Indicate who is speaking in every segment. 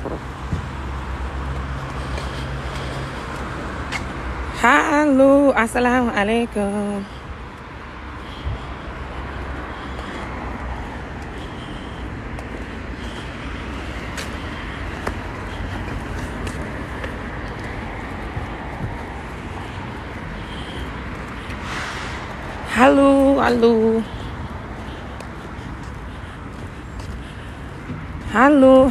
Speaker 1: Hallo, assalamu alaikum. Hallo, hallo. Hallo,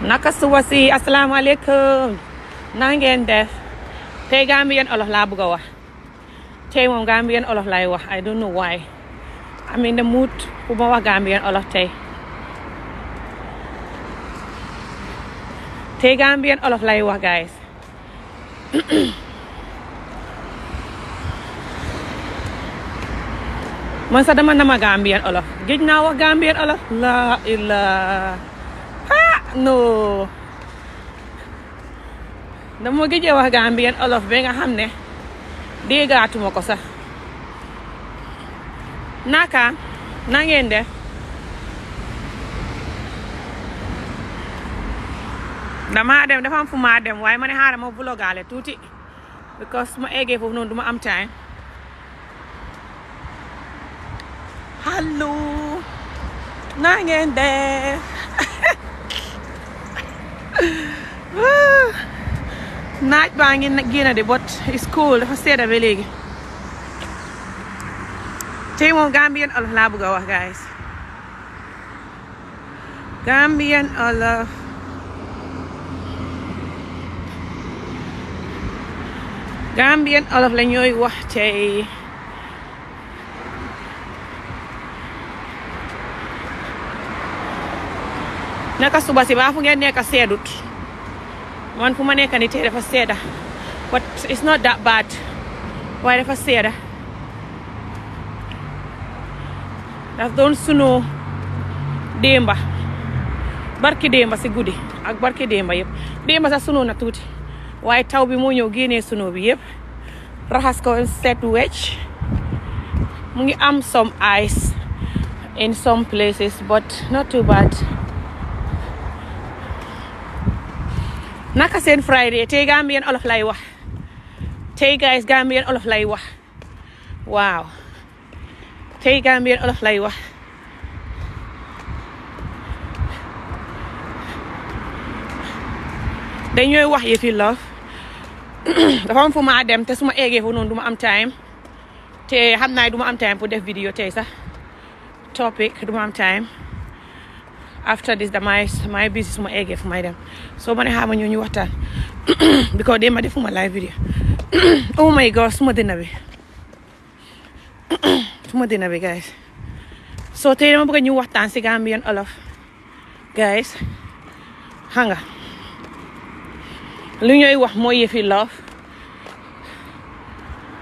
Speaker 1: naka suba si asalaamaaleykum na ngeen def tey Gambian olof laa bëgg a wax tey moom Gambian olof lay wax I don't know why I'm in the mood ma wax Gambian olof tey tey Gambian olof lay wax guys man sax dama nama Gambian olof géej naa wax Gambian olof la illa non dama gëjee wax Gambien olof bi nga xam ne déggaatuma ko sax naka na ngeen def dama dem dafa fu ma dem waaye ma ne xaaral ma vlogale tuuti because ma eggee foofu noonu duma am time hallo na ngeen naaj baa ngi génn di bot it's cool dafa sedda ba léegi tey moom Gambian Olof laa bëgg a wax guys Gambian Olof Gambian Olof la ñooy wax tey naka suba si baa fu ngeen nekk seedut man fu ma nekk ni tey dafa seeda but it's not that bad waaye dafa seeda daf doon sunu démba barki démba si guddi ak barki démba yëpp démba sax sunu na tuuti waaye taw bi moo ñëw génnee sunu bi yëpp raxas ko set wecc mu ngi am some ice in some places but not too bad naka seen friday tey Gambien olof lay wax tey guys Gambien olof lay wax waaw tey Gambien olof lay wax dañooy wax yi fi love dafa am fu ma dem te su ma eegee fu noonu du am time te xam naa du ma am time pour def vidéo tey sax topic duma ma am time after this damay my business mu eggee fu may dem soo ma ne xaama ñoo ñu waxtaan because dee ma defuma live video oh my god suma dina bi suma dina bi guys so tey dama bëgg ñu waxtaan si Gambian Wolof guys xam nga lu ñooy wax mooy yëfi love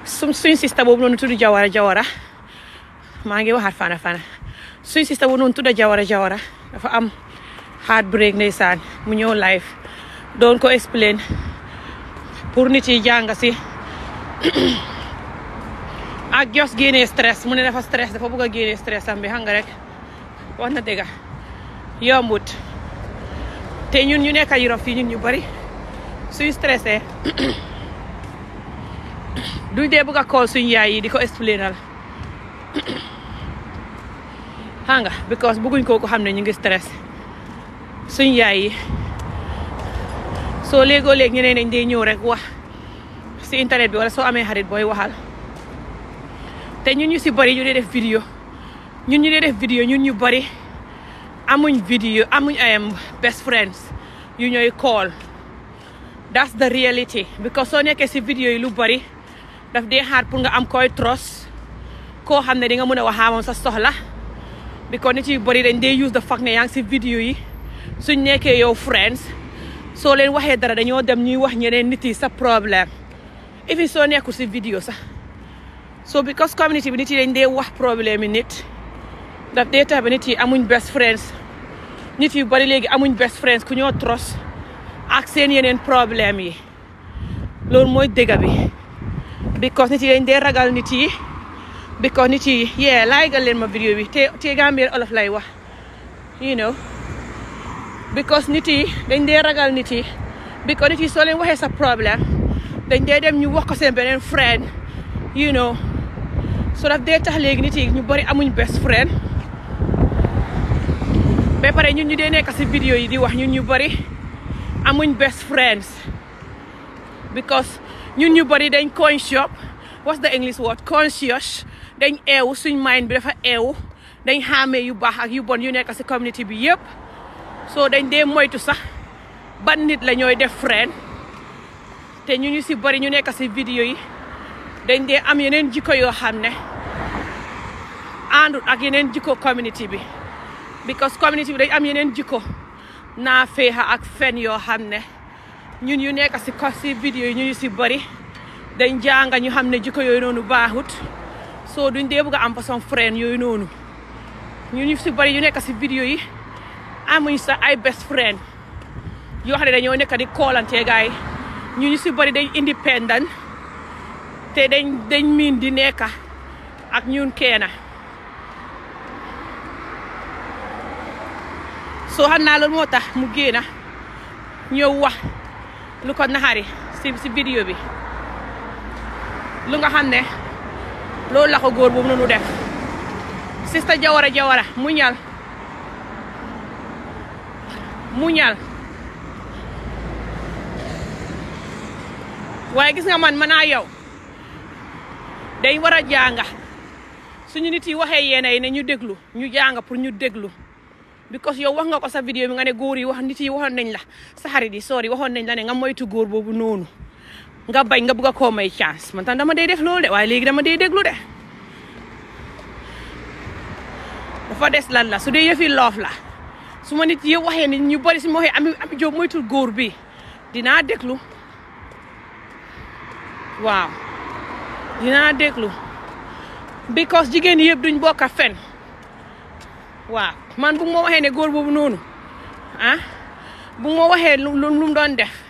Speaker 1: suñ sista boobu noonu tudd Jawara Jawara maa ngi waxaat fana fana suñ sista boobu noonu tudd Jawara Jawara dafa am heartbreak ndeysaan mu ñëw live doon ko explain pour nit yi jàng si ak jos génnee stress mu ne dafa stress dafa bëgg génne génnee stress am bi xam nga rek wax na dëgga yombut te ñun ñu nekk Europe fii ñun ñu bari suñ stressé duñ dee bëgg a call suñ yaay di ko explainal xam nga because bëgguñ koo ko xam ne ñu ngi stress suñ yaay yi soo léegoo léeg ñeneen dañ day ñëw rek wax si internet bi wala soo amee xarit booy waxal te ñun ñu si bari ñu dee def vidéo ñun ñu dee def vidéo ñun ñu bari amuñ vidéo amuñ ayam best friends yu ñooy call that's the reality because soo nekkee si vidéo yi lu bari daf dee xaar pour nga am koy trust koo xam ne di nga mën a waxaa ah, moom sa soxla because nit yu bëri dañ dee use the fact ne yaa ngi si vidéo yi suñ nekkee yow friends soo leen waxee dara dañoo dem ñuy wax ñeneen nit yi sa problème even soo nekkul si vidéo sax so because community bi nit yi dañ dee wax problème yi nit daf dee tax ba nit yi amuñ best friends nit yu bari léegi amuñ best friends ku ñoo tros ak seen yeneen problème yi loolu mooy dëgg bi because nit yi dañ dee ragal nit yi because nit yi yee laayigal leen ma vidéo bi te te Gambien olof lay wax you know because nit yi dañ dee ragal nit yi because nit yi soo leen waxee sa problème dañ dee dem ñu wax ko seen beneen friend you know so daf dee tax léegi nit yi ñu bari amuñ best friend ba pare ñun ñu dee nekk si vidéo yi di wax ñun ñu bari amuñ best friends because ñun ñu bari dañ conscious what's the English word conscious dañ eewu suñ mind bi dafa eewu dañ xàmmee yu baax ak yu bon yu nekk si community bi yëpp soo dañ dee moytu sax ban nit la ñooy def friend te ñu ñu si bari ñu nekk si vidéo yi dañ dee am yeneen jikko yoo xam ne àndut ak yeneen jikko community bi because community bi dañ am yeneen jikko naa féexa ak fen yoo xam ne ñun yu nekk si ko si ñu ñu si bari dañ jànga ñu xam ne jikko yooyu noonu baaxut soo duñ dee bëgg a am façon yooyu noonu ñu si bari yu nekk si vidéo yi amuñ sax ay best friend yoo xam ne dañoo nekk di koolantee gaay ñu si bari dañ independent te dañ dañ miin di nekk ak ñun keena soo xam naa loolu moo tax mu géena ñëw wax lu ko naxari si si vidéo bi lu nga xam ne loolu la ko góor boobu noonu def sista jawara jawara muñal muñal waaye gis nga man manaa naa yow day war a jànga suñu nit yi waxee yéena yi ne ñu déglu ñu jànga pour ñu déglu because yow wax nga ko sa vidéo bi nga ne góor yi wax nit yi waxoon nañ la sa xarit yi soor yi waxoon nañ la ne nga moytu góor boobu noonu nga bañ nga bëgg a koo may chance man tam dama dee def loolu de waaye léegi dama dee déglu de dafa des lan la su dee yëfi loof la su ma nit yi waxee ni ñu bari si ma waxee ami ami Jóob moytul góor bi dinaa déglu waaw dinaa déglu because jigéen yëpp duñ boo a fen waaw man bu ma waxee ne góor boobu noonu ah bu ma waxee lu mu doon def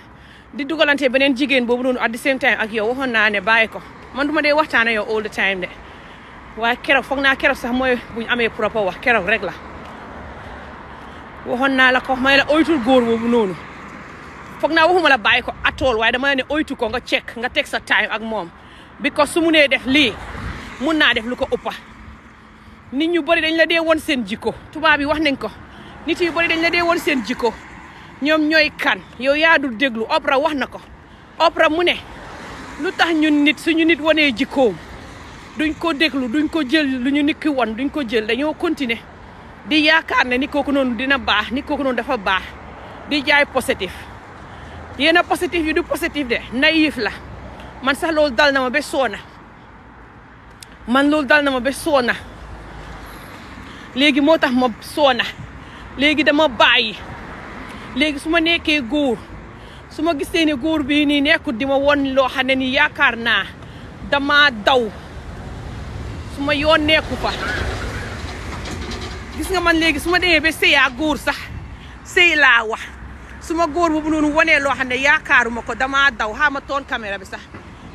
Speaker 1: di dugalante beneen jigéen boobu noonu at the same time ak yow waxoon naa ne bàyyi ko man du ma dee waxtaan yow all the time de waaye keroog foog naa keroog sax mooy buñ ñu amee propos wax keroog rek la waxoon naa la ko may la oytul góor boobu noonu foog naa waxuma la bàyyi ko atool waaye dama ne oytu ko nga check nga teg sa time ak moom because su mu nee def lii mun naa def lu ko ëppa nit ñu bari dañ la dee won seen jikko tubaab yi wax nañ ko nit yu bëri dañ la dee woon seen jikko ñoom ñooy kan yow yaa dul déglu Oprah wax na ko Oprah mu ne lu tax ñun nit suñu nit wanee jikkoom duñ ko déglu duñ ko jël lu ñu nit ki won duñ ko jël dañoo continuer di yaakaar ne ni kooku noonu dina baax ni kooku noonu dafa baax di jaay positif yéen a positif yi du positif de naïf la man sax loolu dal na ma ba soona man loolu dal na ma ba soona léegi moo tax ma soona léegi dama bàyyi léegi su ma nekkee góor su ma gisee ne góor bii nii nekkul di ma won loo xam ne nii yaakaar naa dama daw su ma yoon nekku fa gis nga man léegi su ma demee ba sëyaa góor sax sëy laa wax su ma góor boobu noonu wanee loo xam ne yaakaaruma ko dama daw xaa ma toon caméra bi sax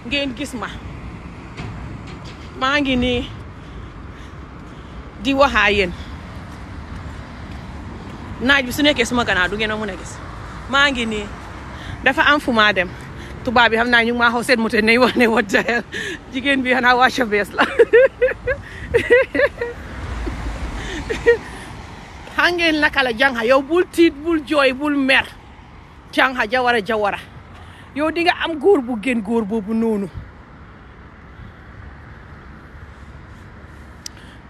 Speaker 1: ngeen gis ma maa ngi ni di waxaa yéen naaj bi su nekkee suma gannaaw du ngeen a mun a gis maa ngi nii dafa am fu maa dem tubaab bi xam naa ñu ngi maa xaw seen moto nañ wax ne wat jayal jigéen bi xanaa wàcce bees la xam ngeen naka la jànxa yow bul tiit bul jooy bul mer jànxa jawara jawara yow di nga am góor bu gën góor boobu noonu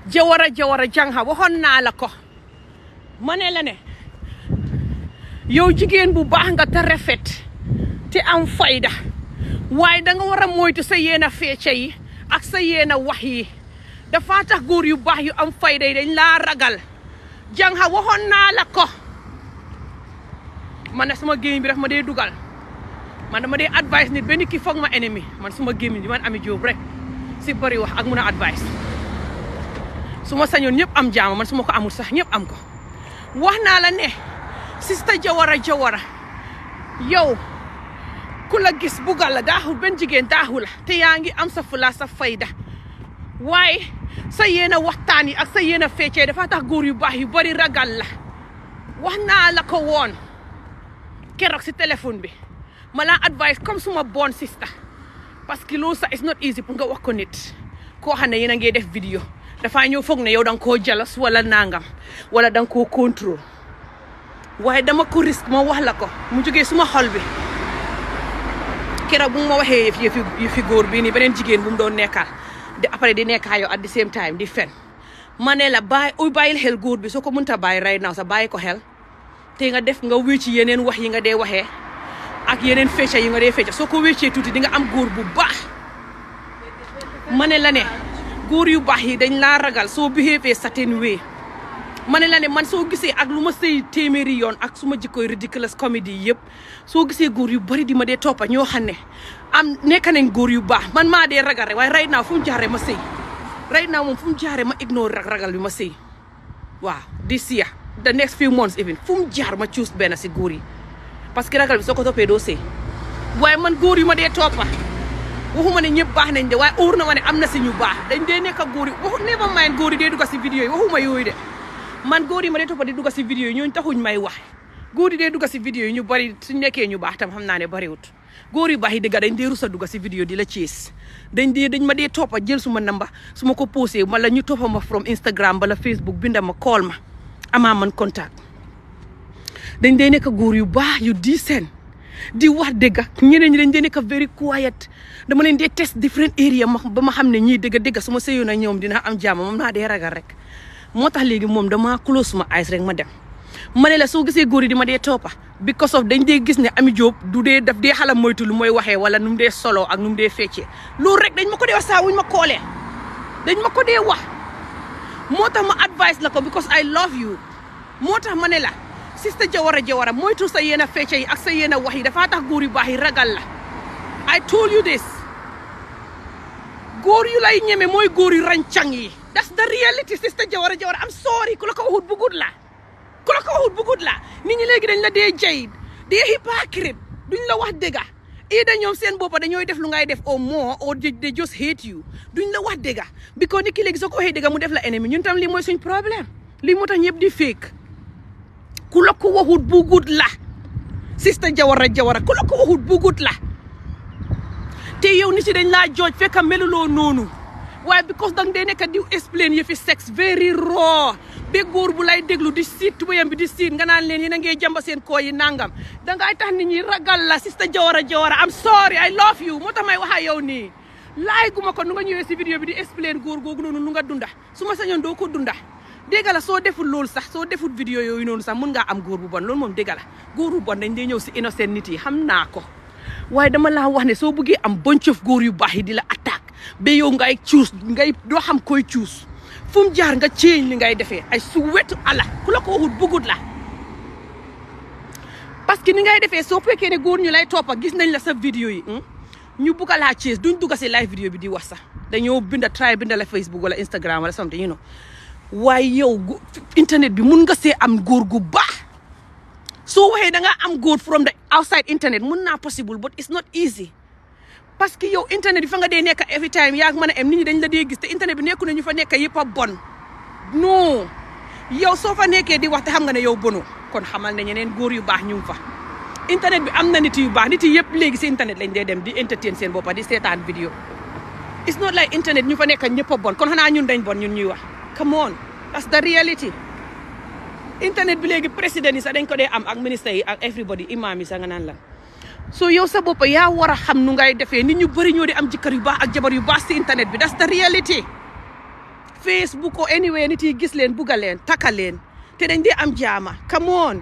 Speaker 1: jawara jawara jànxa waxoon naa la ko ma ne la ne yow jigéen bu baax nga te rafet te am fayda waaye danga nga war a moytu sa yéen a feeca yi ak sa yéen a wax yi dafa tax góor yu baax yu am fayda yi dañ laa ragal jànxa waxoon naa la ko man na sama gémmiñ bi daf ma dee dugal man dama dee advice nit benn kii foog ma ennemi man suma gémmiñ bi man Amie Jobe rek si bëri wax ak mu na advice su ma sañoon ñëpp am jaama man suma ko amul sax ñëpp am ko wax naa la ne sista Jawara Jawara yow ku la gis bugal la daaxul benn jigéen daaxu la te yaa ngi am sa fula sa fayda waaye sa yéen a waxtaan yi ak sa yéen a feccee dafa tax góor yu baax yu bari ragal la wax naa la ko woon keroog si téléphone bi ma la advice comme suma bon sista parce que loolu sa is not easy nga wax ko nit koo xam ne yéen a ngi def vidéo dafaa ñëw foog ne yow danga koo jalas walla nangam wala dan koo contrôle waaye dama ko risque moo wax la ko mu jógee suma xol bi keroog bu ma waxee yëf yëfi góor bii nii beneen jigéen bu doon nekkaal di après di nekkaa yow at the same time di fen ma ne la bàyyi uy bàyyil góor bi soo ko mënta bàyyi right now sa bàyyi ko xel te nga def nga wécci yeneen wax yi nga dee waxee ak yeneen fecca yi nga dee fecca soo ko wéccee tuuti di nga am góor bu baax ma ne la ne góor yu baax yi dañ laa ragal soo behave certain way ma ne la ne man soo gisee ak lu ma sey téeméeri yoon ak su ma jikkooy ridiculous comédie yëpp soo gisee góor yu bari di ma dee toppa ñoo xam ne am nekk nañ góor yu baax man maa dee ragal rek waaye right now fu mu jaaree ma sey right now moom fu mu jaaree ma ignore ragal bi ma sey waaw this year the next few months even fu mu jaar ma choose benn si góor yi parce que ragal bi soo ko toppee doo sëy waaye man góor yu ma dee toppa waxuma ne ñëpp baax nañ de waaye na ma ne am na si ñu baax dañ dee ma mayen góor yi dee si vidéo yi waxuma yooy de man góor yi ma dee toppa di dugg si vidéo yi ñooñu taxuñ may wax góor yi dee dugg si vidéo yi ñu bari suñ nekkee baax tam xam naa ne bariwut góor yu baax yi dëgga dañ dee rusa dugg si vidéo di la ciis dañ dee dañ ma dee toppa jël suma namba suma ko poose ma la ñu toppa ma from Instagram bala Facebook binda ma call ma amaa man contact dañ dee nekk góor yu baax yu di seen di wax dëgg ñeneen ñi dañ dee nekk very quiet dama leen dee test different area ma ba ma xam ne ñii dëgg dëgg su ma sëyoon ak ñoom dinaa am jàmm moom naa dee ragal rek moo tax léegi moom damaa close ma eyes rek ma dem ma ne la soo gisee góor yi di ma dee toppa because of dañ dee gis ne Ami Jobe du dee daf dee xala moytu lu mooy waxee wala nu mu dee solo ak nu mu dee feccee loolu rek dañ ma ko dee wax saa ma koolee dañ ma ko dee wax moo tax ma advice la ko because I love you moo tax ma ne la sista Jawara Jawara moytu sa yéen a fecce yi ak sa yéen a wax yi dafaa tax góor yu baax yi ragal la I told you this góor yu lay ñeme mooy góor yu rancang yi that's the reality sista Jawara Jawara am sorry ku la ko waxut bugut la ku la ko waxut bugut la nit ñi léegi dañ la dee jayit dee hypocrite duñ la wax dëgga ida ñoom seen boppa dañooy def lu ngay def au moins or they just hate you duñ la wax dëgga because nit ki léegi ko waxee dëgga mu def la ennemi ñun tam lii mooy suñ problème lii moo tax ñëpp di fake ku la ko waxut bugut la sista jawara jawara ku la waxut bugut la te yow ni si dañ laa fekka fekk meluloo noonu waaye because dang day nekk di explain yëfi sexe very raw ba góor bu lay déglu di siit tubayam bi di siit nga naan leen yéen a ngee jàmba seen koo yi nangam dangay tax nit ñi ragal la sista jawara jawara am sorry I love you moo tax may waxa ak ni nii laay guma ko nu nga ñëwee si vidéo bi di explain góor googu noonu lu nga dunda su ma sañoon doo ko dunda dégg la soo deful loolu sax soo deful vidéo yooyu noonu sax mun ngaa am góor bu bon loolu moom dégg la bu bon dañ day ñëw si innocent nit yi xam naa ko waaye dama laa wax ne soo bëggee am bunch of góor yu baax yi di la attaque ba yow ngay cuus ngay doo xam koy cuus fu mu jaar nga ceeñ li ngay defee ay su wetu ala ku la ko waxut bëggut la parce que ni ngay defee soo fekkee ne góor ñu lay toppa gis nañ la sa vidéo yi hmm? ñu bugg a laa cees duñ dugg si live vidéo bi di wax sax dañoo binda try binda la Facebook wala Instagram wala something you know waaye yow internet bi mun nga see am góor gu baax soo waxee da am góor from the outside internet mun naa possible but it's not easy parce que yow internet bi fa nga dee nekk every time yaa mën a am nit la dee gis te bi nekku ne fa nekk yëpp a bon non yow soo fa nekkee di wax te xam nga ne yow bono kon xamal ne ñeneen góor yu baax ñu ngi fa internet bi am na nit yu baax nit yi yëpp léegi si internet lañ dee dem di entertain seen boppa di seetaan vidéo it's not like internet ñu fa nekk ñëpp a bon kon xanaa ñun dañ bon ñun ñuy wax come on that's the reality internet bi léegi président yi sax dañ ko dee am ak ministre yi ak everybody imam yi sa nga naan la so yow sa bopp yaa war a xam nu ngay defee nit ñu bëri ñoo di am jëkkër yu baax ak jabar yu baax si internet bi that's the reality facebook ko anyway nit gis leen bugga leen taka leen te dañ dee am jaama come on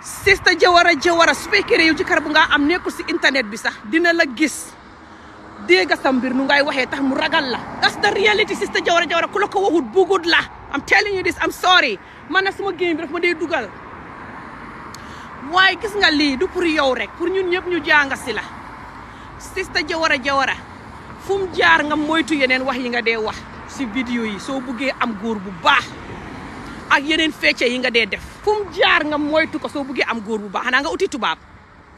Speaker 1: sista jawara jawara su fekkee yow jëkkër bu nga am nekkul si internet bi sax dina la gis déega sa mbir nu ngay waxee tax mu ragal la that's the reality sister Jawara Jawara ku la ko waxut bugut la I'm telling you this am sorry man na suma géem bi daf ma dee dugal waaye gis nga lii du pour yow rek pour ñun ñëpp ñu jànga si la sister Jawara Jawara fu mu jaar nga moytu yeneen wax yi nga dee wax si vidéo yi soo buggee am góor bu baax ak yeneen fecce yi nga dee def fu mu jaar nga moytu ko soo buggee am góor bu baax xanaa nga uti tubaab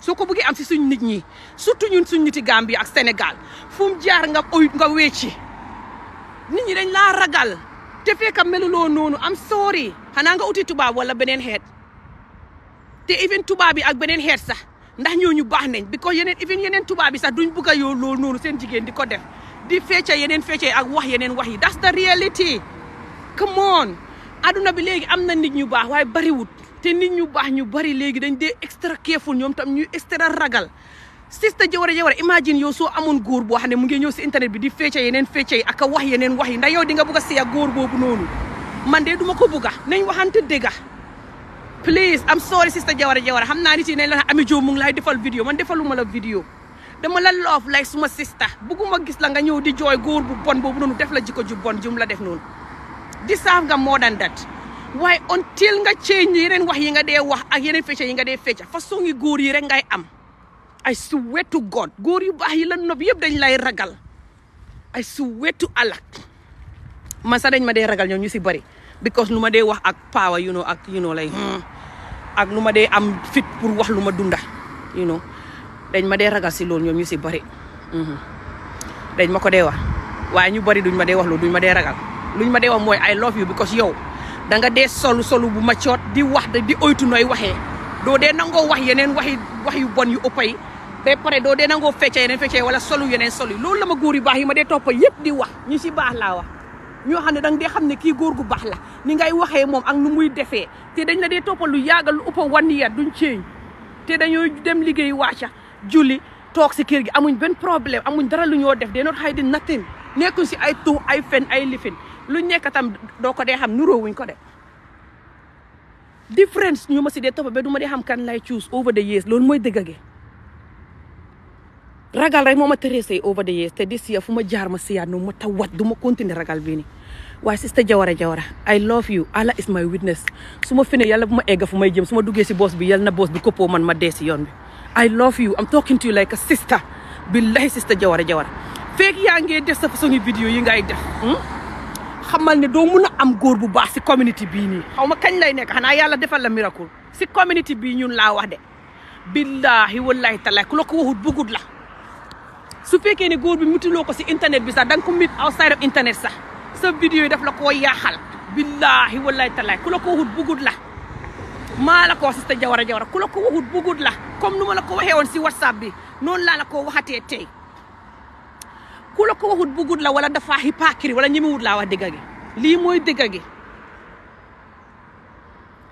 Speaker 1: soo ko bëggee am si suñ nit ñi surtout ñun suñ niti Gambie ak senegal fu jaar nga oyut nga wecci nit ñi dañ laa ragal te fekk meluloo noonu am soori xanaa nga uti tubaab wala beneen xeet te even tubaab bi ak beneen xeet sax ndax ñooñu baax nañ because yeneen even yeneen tubaab bi sax duñ bëgg a yoo loolu noonu seen jigéen di ko def di fecca yeneen fecca ak wax yeneen wax yi that's the reality come on aduna bi léegi am na nit ñu baax waaye bariwut te nit ñu baax ñu bari léegi dañ dee extra careful ñoom tam ñu extra ragal sista jawara jawara imagine yow soo amoon góor boo xam ne mu ngi ñëw si internet bi di fecce yeneen fecce yi ak a wax yeneen wax yi ndax yow di nga bëgg a góor boobu noonu man de duma ko bëgg a nañ waxante dëgga please am sorry sista jawara jawara xam naa nit yi nañ la Ami Jobe mu ngi lay defal vidéo man defaluma la vidéo dama la loof lay suma sista bëgguma gis la nga ñëw di jooy góor bu bon boobu noonu def la jikko ju bon jum la def noonu di saaf moo dan dat waaye until nga change yeneen wax yi nga dee wax ak yeneen fecca yi nga dee fecca façon yi góor yi rek ngay am ay swear to God góor yu baax yi la nopp yëpp dañ lay ragal ay swear to Allah man dañ ma dee ragal ñoom ñu si bëri because lu ma dee wax ak power you know ak you lay hmm, ak lu ma dee am fit pour wax lu ma dunda you know dañ ma dee ragal si loolu ñoom ñu si bari hmm. dañ ma ko dee wax waaye ñu bari duñ ma dee wax loolu duñ ma dee ragal luñ ma dee wax mooy I love you because yow da nga dee solu solu bu ma coot di wax de di oytu nooy waxee doo dee nangoo wax yeneen waxi wax yu bon yu ëpp yi ba pare doo dee nangoo feccee yeneen feccee wala solu yeneen solu yi loolu la ma góor yu baax yi ma dee toppa yëpp di wax ñu si baax laa wax ñoo xam ne danga nga dee xam ne kii góor gu baax la ni ngay waxee moom ak nu muy defee te dañ la dee toppal lu yàggal lu ëpp wan yat duñ ceeñ te dañoo dem liggéey waaca julli toog si kër gi amuñ benn problème amuñ dara lu ñoo def dee noot xay di nattin nekkuñ si ay tuux ay fen ay lifin lu nekk tam doo ko dee xam nuróowuñ ko de difference ñu ma si dee topp be du ma dee xam kan lay choose over the years loolu mooy dëgg gi ragal rek moo ma tërësee over the years te di siya fu ma jaar ma siyaat noonu ma tawat du ma continuer ragal bii nii waaye sister Jawara Jawara I love you Allah is my witness su ma fenee yàlla bu ma egga fu may jëm su ma duggee si boos bi yàlla na boos bi koppoo man ma dee si yoon bi I love you I'm talking to like a sister billahi sister Jawara Jawara feek yaa ngee def sa yi ngay def hmm? xamal ne doo mun am góor bu si community bii nii xaw ma kañ lay nekk xanaa yàlla defal la miracle si community bii ñun laa wax de billahi wallahi talaay ku la ko waxut bugut la su fekkee ne góor bi mutiloo ko si internet bi sax da nga ko mit outside of internet sax sa vidéo yi daf la koo yaaxal billahi wallahi talaay ku la ko waxut bugut la maa la ko wax sista jawara jawara ku la ko waxut bugut la comme nu ma la ko waxee woon si whatsapp bi noonu laa la ko waxatee tey ku ko waxut bugut la wala dafa hypocrite wala ñemewut laa wax dëgg gi lii mooy dëgg gi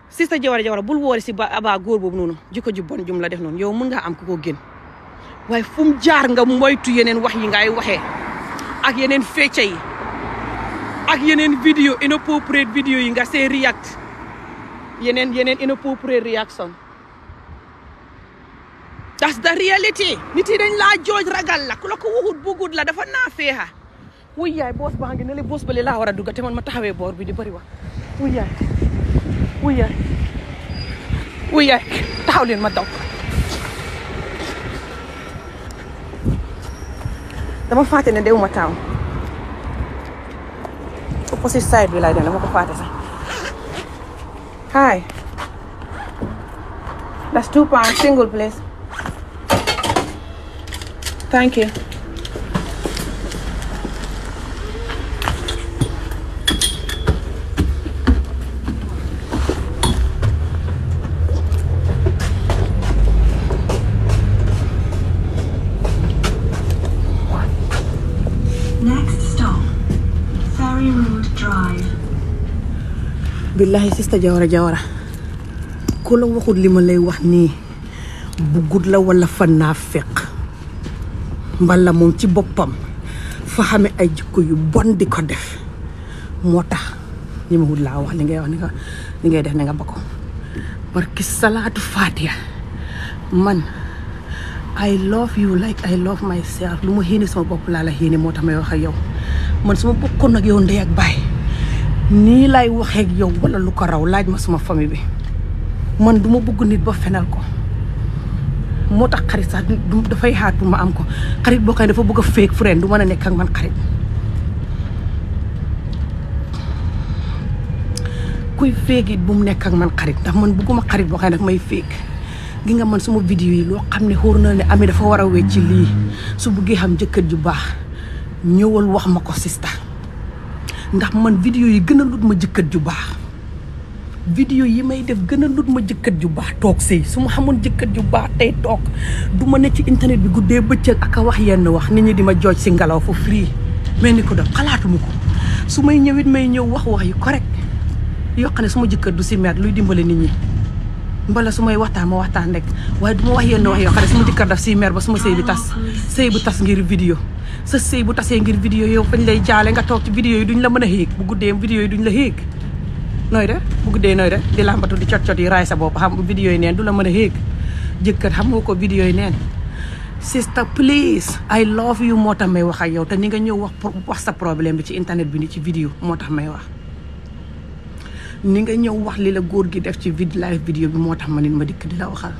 Speaker 1: sa jawara jawara bul woori si ba abaa góor boobu noonu jikko ji bon jum la def noonu yow mën ngaa am ku ko gën waaye fu jaar nga moytu yeneen wax yi ngay waxee ak yeneen fecce yi ak yeneen vidéo inappropriate vidéo yi nga see react yeneen yeneen inappropriate reaction that's the reality nit laa jooj ragal la ku la ko bugut la dafa naa feexa boos baa ngi ne la boos bale laa war a dugga te man ma taxawee boor bi di bëri wax wuy yaay wuy yaay wuy leen ma daw dama fàtte ne dewuma town opposite side bi laay dem dama ko fàtte sax hi that's two pounds single place Thank you. billahi sista jawara jawara ku la waxul li ma lay wax nii bu gudd la walla fan naa feq mbala moom ci boppam fa xame ay jikko yu bon di ko def moo tax ñi ma wut laa wax li ngay wax ni nga li ngay def ni nga ba ko barki salaatu faatiya man I love you like I love myself lu ma yéene sama bopp laa la yéene moo tax may wax ak yow man su bokkoon ak yow ndey ak baay nii laay waxee ak yow wala lu ko raw laaj ma sama famille bi man du ma bëgg nit ba fenal ko moo tax xarit sax du dafay xaar am ko xarit boo xam ne dafa bëgg a fake friend du mën a nekk ak man xarit kuy fake it bu mu nekk ak man xarit ndax man bëgguma xarit boo xam ne daf may fake gi nga man suma vidéo yi loo xam ne xóor na ne Amie dafa war a wecci lii su bëggee xam jëkkër ju baax ñëwal wax ma ko sista ndax man vidéo yi gën a lut ma jëkkër ju baax vidéo yi may def gën a lut ma jëkkat ju baax toog sëy su ma xamoon jëkkat ju baax tey toog du ma ne ci internet bi guddee bëccëg ak a wax yenn wax nit ñi di ma jooj si ngelaw fa free mel ni ko def xalaatuma ko su may ñëwit may ñëw wax wax yu correct yoo xam ne su ma jëkkat du si met luy dimbale nit ñi mbala su may waxtaan ma waxtaan rek waaye du ma wax yenn wax yoo xam ne sama jëkkër daf si mer ba suma sëy bi tas sëy bu tas ngir vidéo sa sëy bu tasee ngir lay jaale nga toog ci vidéo yi duñ la mën a héeg bu guddee la héeg nooy de bu dee nooy de di làmbatu di cot-cot yi raay sa bopp xam vidéo yi neen du la mën a yéeg jëkkër xam nga ko vidéo yi neen sister please ay love you moo tax may wax ak yow te ni nga ñëw wax wax sa problème bi ci internet bi ni ci vidéo moo tax may wax ni nga ñëw wax li la góor gi def ci vid live bi moo tax ma nit ma dikk di la waxal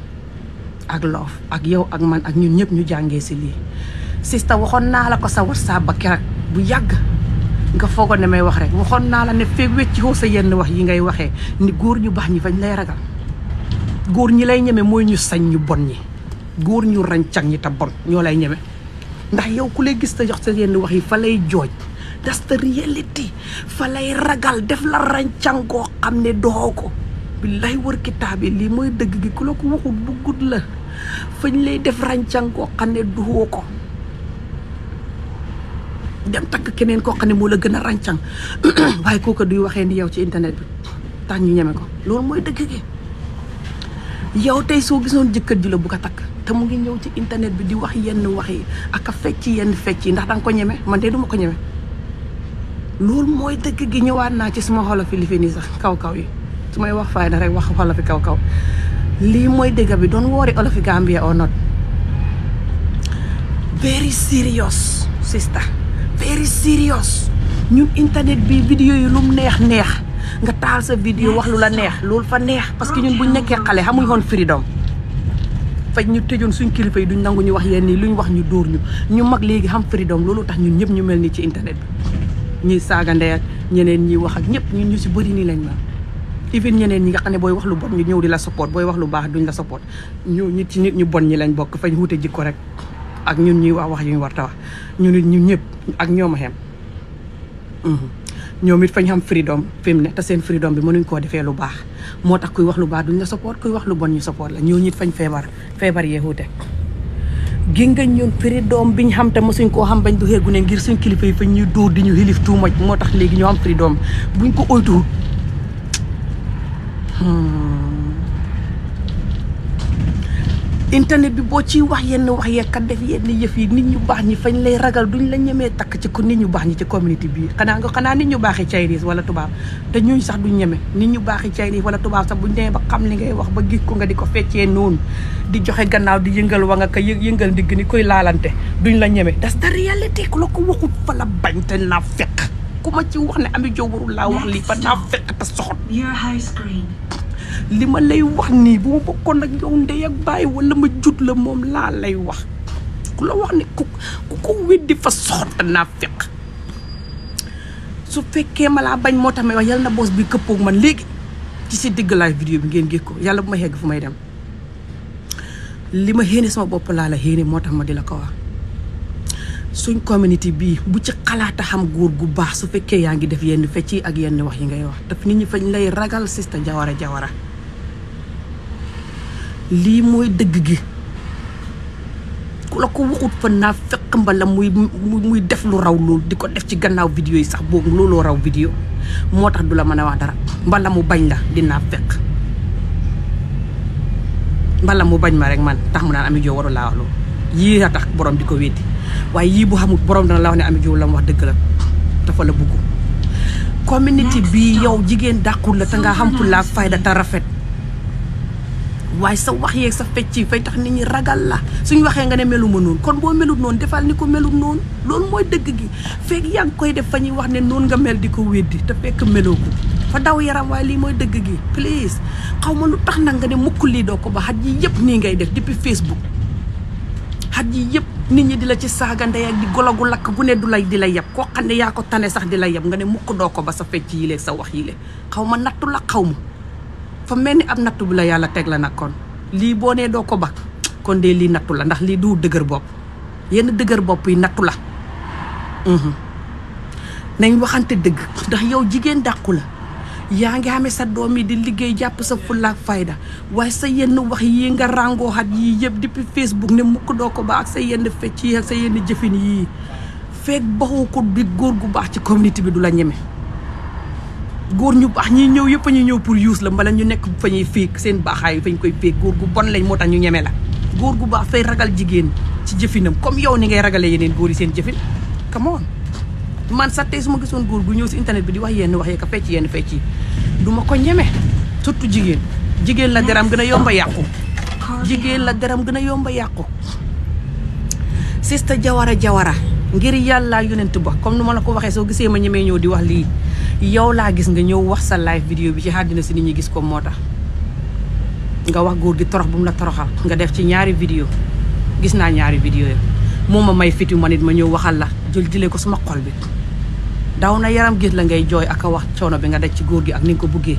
Speaker 1: ak loof ak yow ak man ak ñun ñëpp ñu jàngee si lii sister waxoon naa la ko sa WhatsApp ba keroog bu yàgg nga foogoon ne may wax rek waxoon naa la ne feeg woo sa yenn wax yi ngay waxee ni góor ñu baax ñi fañ lay ragal góor ñi lay ñeme mooy ñu sañ ñu bon ñi góor ñu ràncag ñi te bon ñoo lay ñeme ndax yow ku lay gis sa jox sa yenn wax yi fa lay jooj das ta réalité fa lay ragal def la ràncang koo xam ne doo ko billahi wër kitaab yi lii mooy dëgg gi ku la ko waxul bu gudd la fañ lay def ràncang koo xam ne doo ko dem takk keneen koo xam ne moo la gën a ràncang waaye kooka duy waxee ni yow ci internet bi tax ñu ñeme ko loolu mooy dëgg gi yow tey soo gisoon jëkkër ji la bu ko takk te mu ngi ñëw ci internet bi di wax yenn wax yi ak a fecc yenn fecc yi ndax danga ko ñeme man de duma ko ñeme loolu mooy dëgg gi ñëwaat naa ci suma xolo fi li sax kaw kaw yi su may wax fay na rek wax xolo kaw kaw lii mooy dëgg bi doon woori olofi Gambia or not very serious very serious ñun internet bi vidéo yi lu mu neex neex nga taal sa vidéo wax lu la neex loolu fa neex parce que ñun buñ nekkee xale xamuñ woon freedom faj ñu tëjoon suñ kilifa yi duñ nangu ñu wax yenn yi luñ wax ñu dóor ñu ñu mag léegi xam freedom loolu tax ñun ñëpp ñu mel ni ci internet bi ñuy saaga ndey ñeneen ñi wax ak ñëpp ñun ñu si bëri nii lañ la even ñeneen ñi nga xam ne booy wax lu bon ñu ñëw di la support booy wax lu baax duñ la support ñu ñi ci ñu bon ñi lañ bokk fañ wute jikko rek ak ñun ñuy wax wax yu ñu ñu nit ñun ñëpp ak ñoom a xem mhm. ñoom it fañ xam freedom fi ne te seen freedom bi mënuñ koo defee lu baax moo tax kuy wax lu baax duñ la support kuy wax lu bon ñu support la ñoo ñit fañ feebar feebar yee wuute gi nga ñun freedom biñ xam te mosuñ koo xam bañ du xeegu ne ngir seen kilifa yi fañ ñuy dóor di ñu xilif tuumaj moo tax léegi ñoo am freedom buñ ko oytuwut hmm. internet bi boo ciy wax yenn wax ka def yenn yëf yi nit ñu baax ñi fañ lay ragal duñ la ñemee takk ci ko nit ñu baax ñi ci communauté bii xanaa nga xanaa nit ñu baaxee Chinese wala tubaab te ñuñ sax duñ ñeme nit ñu baaxee Chinese wala tubaab sax buñ demee ba xam li ngay wax ba gis ko nga di ko feccee noonu di joxe gannaaw di yëngal wa nga ko yëngal ndigg ni koy laalante duñ la ñeme das da réalité ku la ko waxut fa la bañ te naa fekk ku ma ci wax ne Ami Jobe warul lii fa naa fekk te soxot li ma lay wax nii bu ma bokkoon ak yow ndey ak bàyyi wala ma jut la moom laa lay wax ku la wax ni ku ku ko weddi fa soxta naa fekk su fekkee ma laa bañ moo tax may wax yàlla na boos bi këppoog man léegi ci si digg live vidéo bi ngeen gis ko yàlla bu ma xegg fu may dem li ma xéene sama bopp laa la xéene moo tax ma di la ko wax suñ community bii bu ci xalaata xam góor gu baax su fekkee yaa ngi def yenn fecc yi ak yenn wax yi ngay wax daf nit ñi fañ lay ragal sista jawara jawara lii mooy dëgg gi ku la ko waxut fa naa fekk mbala muy def lu raw loolu di ko def ci gannaaw vidéo yi sax boobu looloo raw vidéo moo tax du la mën a wax dara mbala mu bañ la dinaa fekk mbala mu bañ ma rek man tax mu naan Amie Jobe waru laa wax loolu yii a tax borom di ko wéddi waaye yii bu xamul borom dana la wax ne Ami Diouf la mu wax dëgg la dafa la bugg community bi yow jigéen dàqul la te nga xam fulla ak fayda te rafet waaye sa wax yeeg sa fecc yi fay tax nit ñi ragal la suñ waxee nga ne meluma noonu kon boo melut noonu defal ni ko melut noonu loolu mooy dëgg gi fekk yaa ngi koy def fa ñuy wax ne noonu nga mel di ko weddi te fekk meloo ko fa daw yaram waaye lii mooy dëgg gi please xaw ma lu tax nag nga ne mukk lii ko ba xaj yi nii ngay def depuis Facebook xaj yi yëpp nit ñi di la ci saagande ak di golo gu lakk gu ne du lay di la yeb koo xam ne yaa ko tane sax di la yeb nga ne mukk doo ko ba sa fecc yi leeg sa wax yi leeg xaw ma nattu la xaw ma fa mel ni ab nattu bi la yàlla teg la nag kon lii boo nee doo ko ba kon de lii nattu la ndax lii du dëgër bopp yenn dëgër bopp yi nattu la mhm. nañ waxante dëgg ndax yow jigéen dàqu la yaa ngi amee sa doom yi di liggéey jàpp sa fullaak fayda waaye sa yenn wax yii nga ràngoo xat yii yëpp depuis Facebook ne mukk doo ko ba ak sa yenn fecc yi ak sa yenn jëfin yii feek baxu ko bi góor gu baax ci communauté bi du la ñeme góor ñu baax ñi ñëw yëpp a ñu ñëw pour yuus la mbala ñu nekk fa ñuy féeg seen baaxaay fa ñu koy féeg góor gu bon lañ moo tax ñu ñeme la góor gu baax fay ragal jigéen ci jëfinam comme yow ni ngay ragale yeneen góor yi seen jëfin come man sax tey su ma gisoon góor gu ñëw si internet bi di wax yenn wax yi ka fecc yenn fecc yi du ma ko ñeme surtout jigéen jigéen la garam gën a yomba yàqu jigéen la deram gën a yomba yàqu sista jawara jawara ngir yàlla yonent ba comme nu ma la ko waxee soo gisee ma ñemee ñëw di wax lii yow laa gis nga ñëw wax sa live vidéo bi ci àddina si nit ñi gis ko moo tax nga wax góor di torox bu mu la toroxal nga def ci ñaari vidéo gis naa ñaari vidéo yi moom ma may fit ma nit ma ñëw waxal la jël jëlee ko suma xol bi daw na yaram gis la ngay jooy ak wax coono bi nga def ci góor gi ak ni nga ko buggee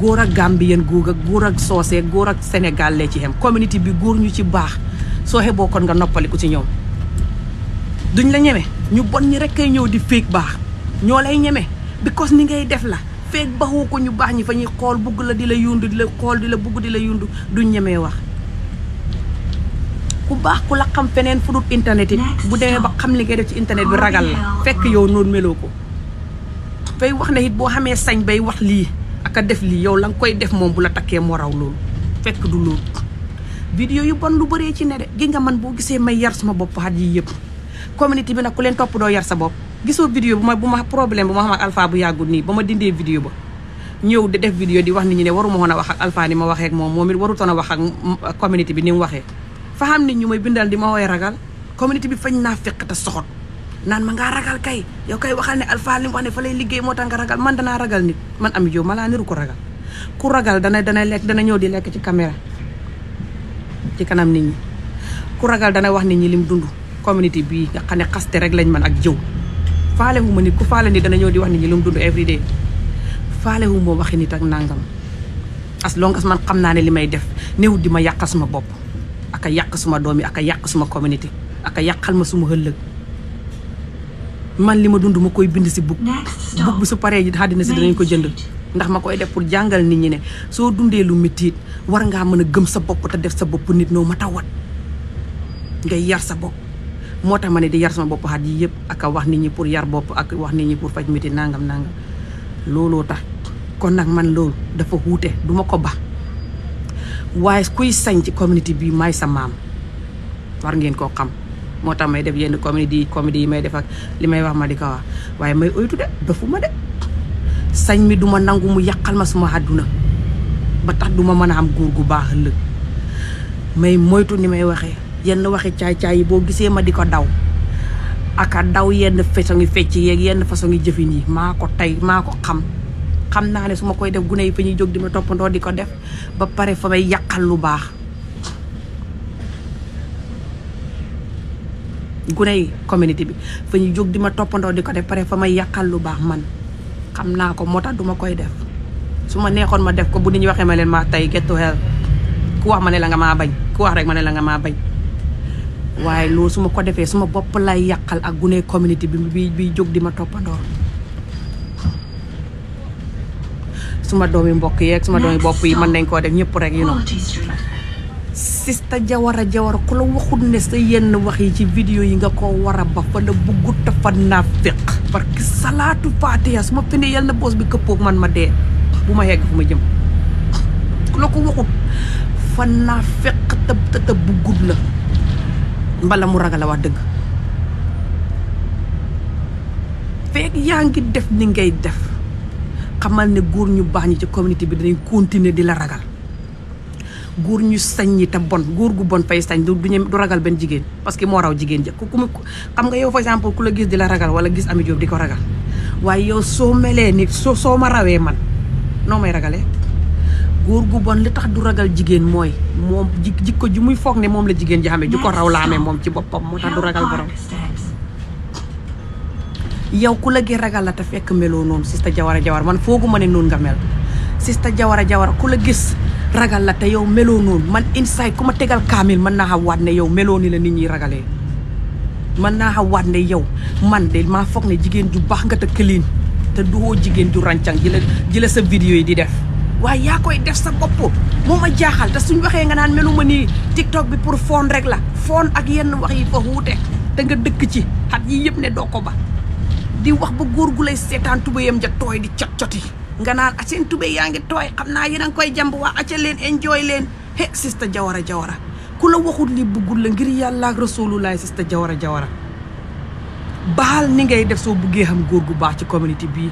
Speaker 1: góor ak Gambien góor ak góor ak soose góor ak Sénégal lee ci xem community bi góor ñu ci baax soo xeboo kon nga noppaliku ci ñëw duñ la ñeme ñu bon ñi rek kay ñëw di féeg baax ñoo lay ñeme because ni ngay def la feeg baxu ko ñu baax ñi fa ñuy xool bugg la di la yundu di la xool di la bugg di la yundu duñ ñemee wax ku baax ku la xam feneen fu dul internet yi bu demee ba xam li ngay def ci internet bi ragal la fekk yow noonu meloo ko bay wax na it boo xamee sañ bay wax lii ak a def lii yow la nga koy def moom bu la takkee moo raw loolu fekk du loolu vidéo yu bon lu bëree ci ne de gi nga man boo gisee may yar sama bopp xat yi yëpp communauté bi nag ku leen topp doo yar sa bopp gisoo vidéo bu ma bu ma problème bu ma xam ak alpha bu yàggul nii ba ma dindee vidéo ba ñëw di def vidéo di wax nit ñi ne waruma woon a wax ak alpha ni ma waxee moom moom it warutoon a wax ak communauté bi ni mu waxee fa xam ñu may bindal di ma woy ragal communauté bi fañ naa fekk te soxot naan ma ngaa ragal kay yow kay waxal ne Alpha li mu wax ne fa lay liggéey moo tax nga ragal man dana ragal nit man Ami Diop ma laa niru ko ragal ku ragal dana dana lekk dana ñëw di lekk ci caméra ci kanam nit ku ragal dana wax nit ñi lim dund communauté bii nga xam ne xaste rek lañ man ak jëw faale wu ma nit ku faale nit dana ñëw di wax nit ñi lim dund every day faale wu ma waxi ak nangam as long as man xam naa ne li may def néew di ma yàqal suma bopp ak a yàq suma doom yi ak a yàq suma communauté ak a yàqal ma suma ëllëg man li ma dund ma koy bind si bug bug bi su paree àddina si danañ ko jënd ndax ma koy def pour jàngal nit ñi ne soo dundee lu méttiit war ngaa mën a gëm sa bopp te def sa bopp nit noo ma tawat ngay yar sa bopp moo tax ma ne di yar sama bopp xat yi yëpp ak wax nit ñi pour yar bopp ak wax nit ñi pour faj métit nangam nangam looloo tax kon nag man loolu dafa wuute duma ko bax waaye kuy sañ ci communauté bi may sa maam war ngeen koo xam moo tax may def yenn comédie comédie yi may def li may wax ma di ko wax waaye may oytu de defu ma de sañ mi duma nangu mu yàqal ma suma àdduna ba tax duma mën a am góor gu baax ëllëg may moytu ni may waxee yenn waxe caay-caay yi boo gisee ma di ko daw aka daw yenn façon yi fecc yeeg yenn façon yi jëfin yi maa ko tey maa ko xam xam naa ne su ma koy def gune yi fa ñuy jóg di ma toppandoo di ko def ba pare fa may yàqal lu baax gune yi communauté bi fa ñu jóg di ma toppandoo di ko def pare fa may yàqal lu baax man xam naa ko moo tax duma koy def su ma neexoon ma def ko bu nit ñi waxee ma leen maa tey get to ku wax ma ne la nga maa bañ ku wax rek ma ne la nga maa bañ waaye loolu su ma ko defee su ma bopp lay yàqal ak gune communauté bi bii bi jóg di ma toppandoo suma doomi mbokk su suma doomi bopp yi man nañ koo def ñëpp rek yu noonu sista jawara jawara ku la waxul ne sa yenn wax yi ci vidéo yi nga ko war a ba fa la buggut dafa naaféq parce que salaatu faatiha su ma fenee yàlla na boos bi këppoog man ma dee bu ma yegg fu ma jëm ku la ko waxut fa naaféq te te buggut la bala mu ragal a wax dëgg feeg yaa ngi def ni ngay def xamal ne góor ñu baax ñu ci communauté bi danañ continuer di la ragal góor ñu sañ ñi te bon góor gu bon fay sañ du du ragal benn jigéen parce que moo raw jigéen ja ku mu xam nga yow par exemple ku la gis di la ragal wala gis Ami Jóob di ko ragal waaye yow soo melee nit soo soo ma rawee man noo may ragalee góor gu bon li tax du ragal jigéen mooy moom jikko ji muy foog ne moom la jigéen ji xamee ju ko raw la amee moom ci boppam moo tax du ragal borom yow ku la gi ragal la te fekk meloo noonu sista jawara jawara man fooguma ne noonu nga mel sista jawara jawara ku la gis ragal la te yow meloo noonu man inside ku ma tegal kaamil mën naa xaw waat ne yow meloo ni la nit ñi ragalee mën naa xaw waat ne yow man de maa foog ne jigéen ju baax nga te clean te du duwoo jigéen ju ràncan ji la ji sa vidéo yi di def waaye yaa koy def sa bopp moo ma jaaxal te suñ waxee nga naan meluma nii tiktok bi pour foon rek la foon ak yenn wax yi fa wuute te nga dëkk ci xat yi yëpp ne doo ko ba di wax ba góor gu lay seetaan tubayam ja tooy di cot coti nga naan seen tubéy yaa ngi tooy xam naa yéen a ngi koy jàmb waa acca leen enjoy leen he sista jawara jawara ku la waxul li buggul la ngir yàlla ak rasulullah sista jawara jawara baal ni ngay def soo buggee xam góor gu baax ci community bii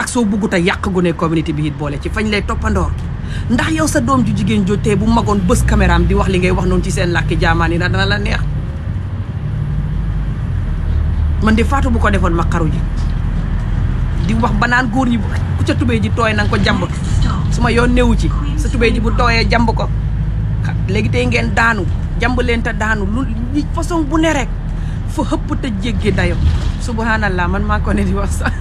Speaker 1: ak soo buggut a yàq gu ne community bi it boole ci fañ lay toppandoor ndax yow sa doom ju jigéen jooju tey bu magoon bës caméraam di wax li ngay wax noonu ci seen làkki jaamaan yi na dana la neex man de faatu bu ko defoon ma ji di wax ba naan góor ñi ku ca tubéy ji tooy na ko jàmb su ma yoon néewu ci sa tubéy ji bu tooyee jàmb ko léegi tey ngeen daanu jàmb leen te daanu lu façon bu ne rekk fa xëpp te jéggi dayo subhanallah man maa ko ne di wax sax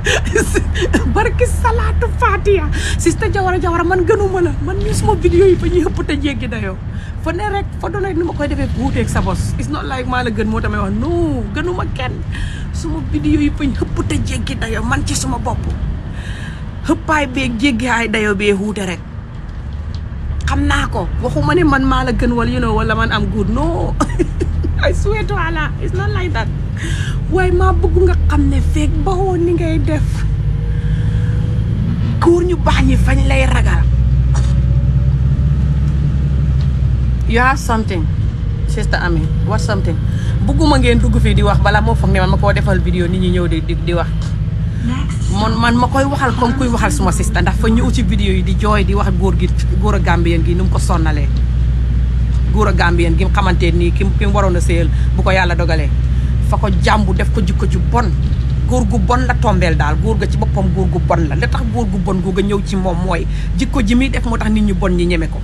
Speaker 1: barki salaatu fatiha sista jawara jawara man gënuma la man mii suma vidéo yi fa ñuy ëpp jéggi dayoo fa ne rek fa doon rek ni ma koy defee wuuteeg sa bos is not like maa la gën moo tamay wax non gënuma kenn suma vidéo yi fa ñu te jéggi dayoo man ci suma bopp xëppaay beeg jéggi ay dayoo bee wuute rek xam naa ko waxuma ne man maa la gën wala you know wala man am good no I swear to Allah it's not like that waaye maa bëgg nga xam ne feeg ba woon ni ngay def góor ñu bax ñi fañ lay ragal you have something sister Ami what something bëgguma ngeen dugg fii di wax balaa moo foog ne man ma koo defal vidéo nit ñi ñëw di di wax man man ma koy waxal comme kuy waxal suma sista ndax fa ñëw ci vidéo yi di jooy di wax góor gi góor a gambien gi nu mu ko sonnalee góor a gambien gi mu xamante nii ki mu waroon a séyal bu ko yàlla dogalee fa ko jàmbu def ko jikko ju bon góor gu bon la tombeel daal góor ga ci boppam góor gu bon la la tax góor gu bon googa ñëw ci moom mooy jikko ji muy def moo tax nit ñu bon ñi ñeme ko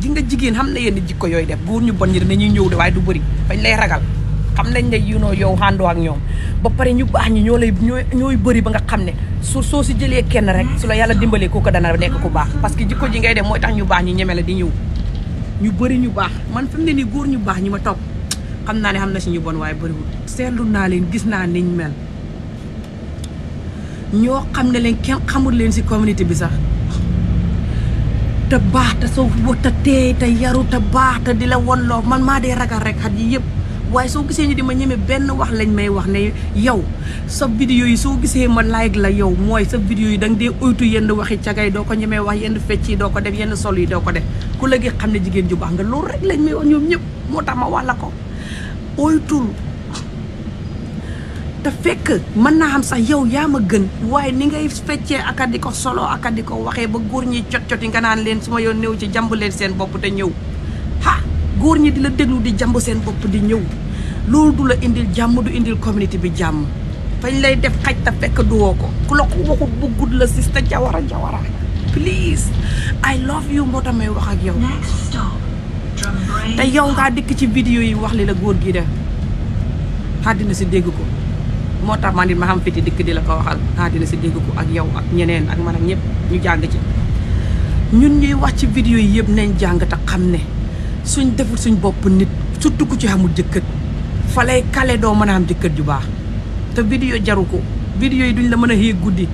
Speaker 1: gi nga jigéen xam na yenn jikko yooyu def góor ñu bon ñi danañuy ñëw de waaye du bëri bañ lay ragal xam nañ ne you yow xàndoo ak ñoom ba pare ñu baax ñi ñoo lay ñooy bëri ba nga xam ne su soo si jëlee kenn rek su la yàlla dimbalee kooku dana nekk ku baax parce que jikko ji ngay def mooy tax ñu baax ñi ñeme la di ñëw ñu bëri ñu baax man fi mu ne nii góor ñu baax ñi ma taw xam naa ne xam na si ñu bon waaye bëriwul seetlu naa leen gis naa niñ mel ñoo xam ne leen kenn xamul leen si communauté bi sax te baax te soo te teey te yaru te baax te di la won loo man maa dee ragal rek xat yi yëpp waaye soo gisee ñu di ma ñeme benn wax lañ may wax ne yow sa vidéo yi soo gisee ma like la yow mooy sa vidéo yi da nga dee oytu yenn waxi cagay doo ko ñemee wax yenn fecc yi doo ko def yenn sol yi doo ko def ku la gi xam ne jigéen ju baax nga loolu lañ may wax ñëpp moo tax ma ko oytul te fekk mën naa am sax yow yaa ma gën waaye ni ngay feccee aka di ko solo aka di ko waxee ba góor ñi cot coti nga naan leen su ma yoon néew ci jàmb leen seen bopp te ñëw ha góor ñi di la déglu di jàmb seen bopp di ñëw loolu du la indil jàmm du indil communauté bi jàmm fañ lay def xaj te fekk du ko ku la ko waxut bu gudd la sista jawara jawara please I love you moo tax may wax ak yow te yow ngaa dikk ci vidéo yi wax li la góor gi de àddina si dégg ko moo tax man nit ma xam fiti dikk di la ko waxal àddina si dégg ko ak yow ak ñeneen ak mana ak ñëpp ñu jàng ci ñun ñuy wax ci vidéo yi yëpp nañ jàng te xam ne suñ deful suñ bopp nit surtout ku ci xamul jëkkër fa lay kale doo mën a am jëkkër ju baax te vidéo jaru ko vidéo yi duñ la mën a xëy guddi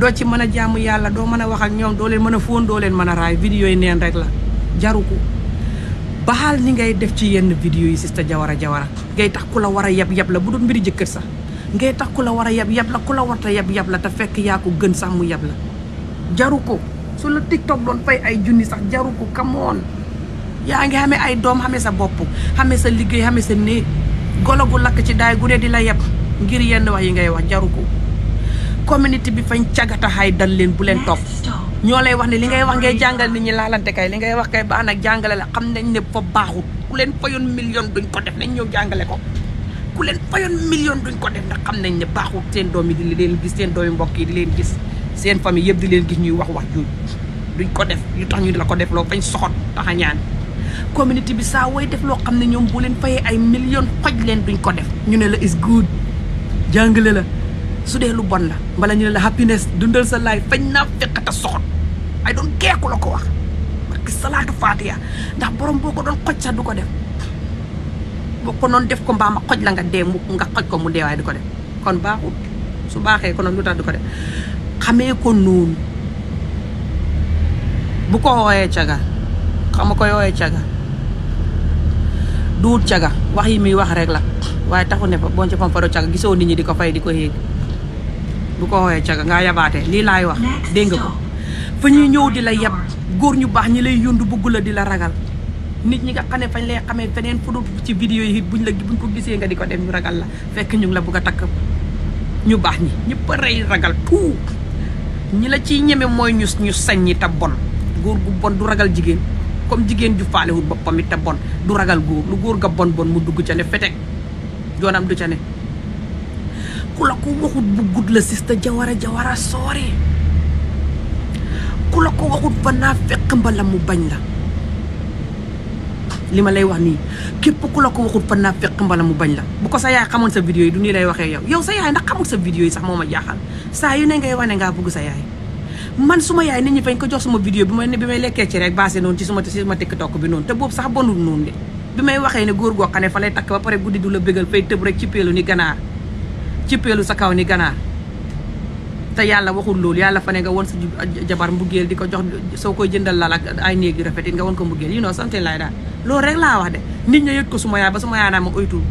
Speaker 1: doo ci mën a jàmm yàlla doo mën a wax ak ñoom doo leen mën a fóon doo leen mën a raay vidéo yi neen rek la jaru baxal ni ngay def ci yenn vidéo yi sista jawara jawara ngay tax ku la war a yab yab la bu doon mbiri jëkkër sax ngay tax ku la war a yab yab la ku la warta yab yab la te fekk yaa ko gën sax mu yab la jaru ko su la tiktok doon fay ay junni sax jaru ko kamoon yaa ngi xamee ay doom xamee sa bopp xamee sa liggéey xamee sa néeg golo gu lakk ci daay gu ne di la yeb ngir yenn wax yi ngay wax jaru ko community bi fañ cagataxaay dal leen bu leen topp ñoo lay wax ne li ngay wax ngay jàngal nit ñi laalante kay li ngay wax kay baax na jàngale la xam nañ ne fa baaxul ku leen fayoon million duñ ko def nañ ñëw jàngale ko ku leen fayoon million duñ ko def ndax xam nañ ne baaxul seen doom yi di leen gis seen doomi mbokk yi di leen gis seen famille yëpp di leen gis ñuy wax wax jooju duñ ko def ñu tax ñu di la ko def loo fañ soxot tax a ñaan communauté bi saa way def loo xam ne ñoom bu leen fayee ay million xoj leen duñ ko def ñu ne la is good jàngale la su dee lu bon la mbala ñu ne la happiness dundal sa laay fañ naa fekk te soxot doon geeku la ko wax barki salaatu faatiya ndax borom boo ko doon xoj sax du ko def boo ko noon def ko mbaa ma xoj la nga dee mu nga ko mu dee ko def kon baaxul su baaxee konoon lu tax du ko def xamee ko noonu bu ko wooyee caga xama koy wooyee caga duut caga wax yi muy wax rek la waaye taxu ne fa bon ci fanfaro caga gisoo nit ñi di ko fay di ko yéeg bu ko wooyee caga ngaa yabaatee lii lay wax dégg nga ko fa ñuy ñëw di la yab góor ñu baax ñi lay yóndu bëggu la di la ragal nit ñi nga xam ne fañ lay xamee feneen fu dul ci vidéo yi buñ la buñ ko gisee nga di ko def ñu ragal la fekk ñu ngi la bëgg a takk ñu baax ñi ñëpp rey ragal tout ñi la ciy ñeme mooy ñu ñu sañ ñi te bon góor gu bon du ragal jigéen comme jigéen ju faalewul boppam it te bon du ragal góor lu góor ga bon bon mu dugg ca ne fetek doonam du ca ne ku la ko waxut bu gudd la sista jawara jawara soore ku la ko waxut fa naa fekk mbala mu bañ la li ma lay wax nii képp ku la ko waxut fa naa fekk mbala mu bañ la bu ko sa yaay xamoon sa vidéo yi du nii lay waxee yow yow sa yaay ndax xamul sa vidéo yi sax moo a jaaxal saa yu ne ngay wax ne ngaa bëgg sa yaay man suma yaay nit ñi fañ ko jox suma vidéo bi ma ne bi may lekkee ci rek basé noonu ci suma ci suma TikTok bi noonu te boobu sax bonul noonu de bi may waxee ne góor goo xam ne fa lay takk ba pare guddi du bégal fay rek ci peelu ni ganaar ci sa kaw ni ganaar te yàlla waxul loolu yàlla fa ne nga won sa jabar mbugeel di ko jox soo koy jëndal lal ak ay néegi rafet it nga won ko mbugeel yi non something like that loolu rek laa wax de nit ña yëg ko suma yaay ba suma yaay naa ma oytul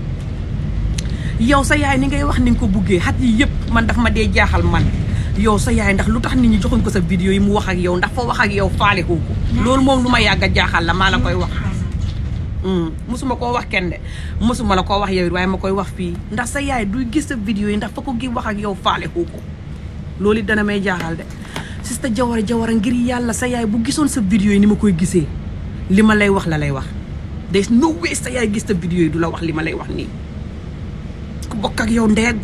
Speaker 1: yaay ni ngay wax ni ko buggee xat yi yëpp man daf ma dee jaaxal man yow sa yaay ndax lu tax nit ñi joxuñ ko sa vidéo yi mu wax ak yow ndax fa wax ak yow faale ko loolu moom lu ma yàgg a jaaxal la maa la koy wax hmm, musuma koo wax kenn de musuma la koo wax yow waaye ma koy wax fii ndax sa yaay du gis sa vidéo yi ndax fa ko gi wax ak yow faale ko loolu dana may jaaxal de sista Jawara Jawara ngir yàlla sa yaay bu gisoon sa vidéo yi ni ma koy gisee li ma lay wax la lay wax de no way sa gis ta vidéo yi du la wax li ma lay wax nii ku yow ndey ak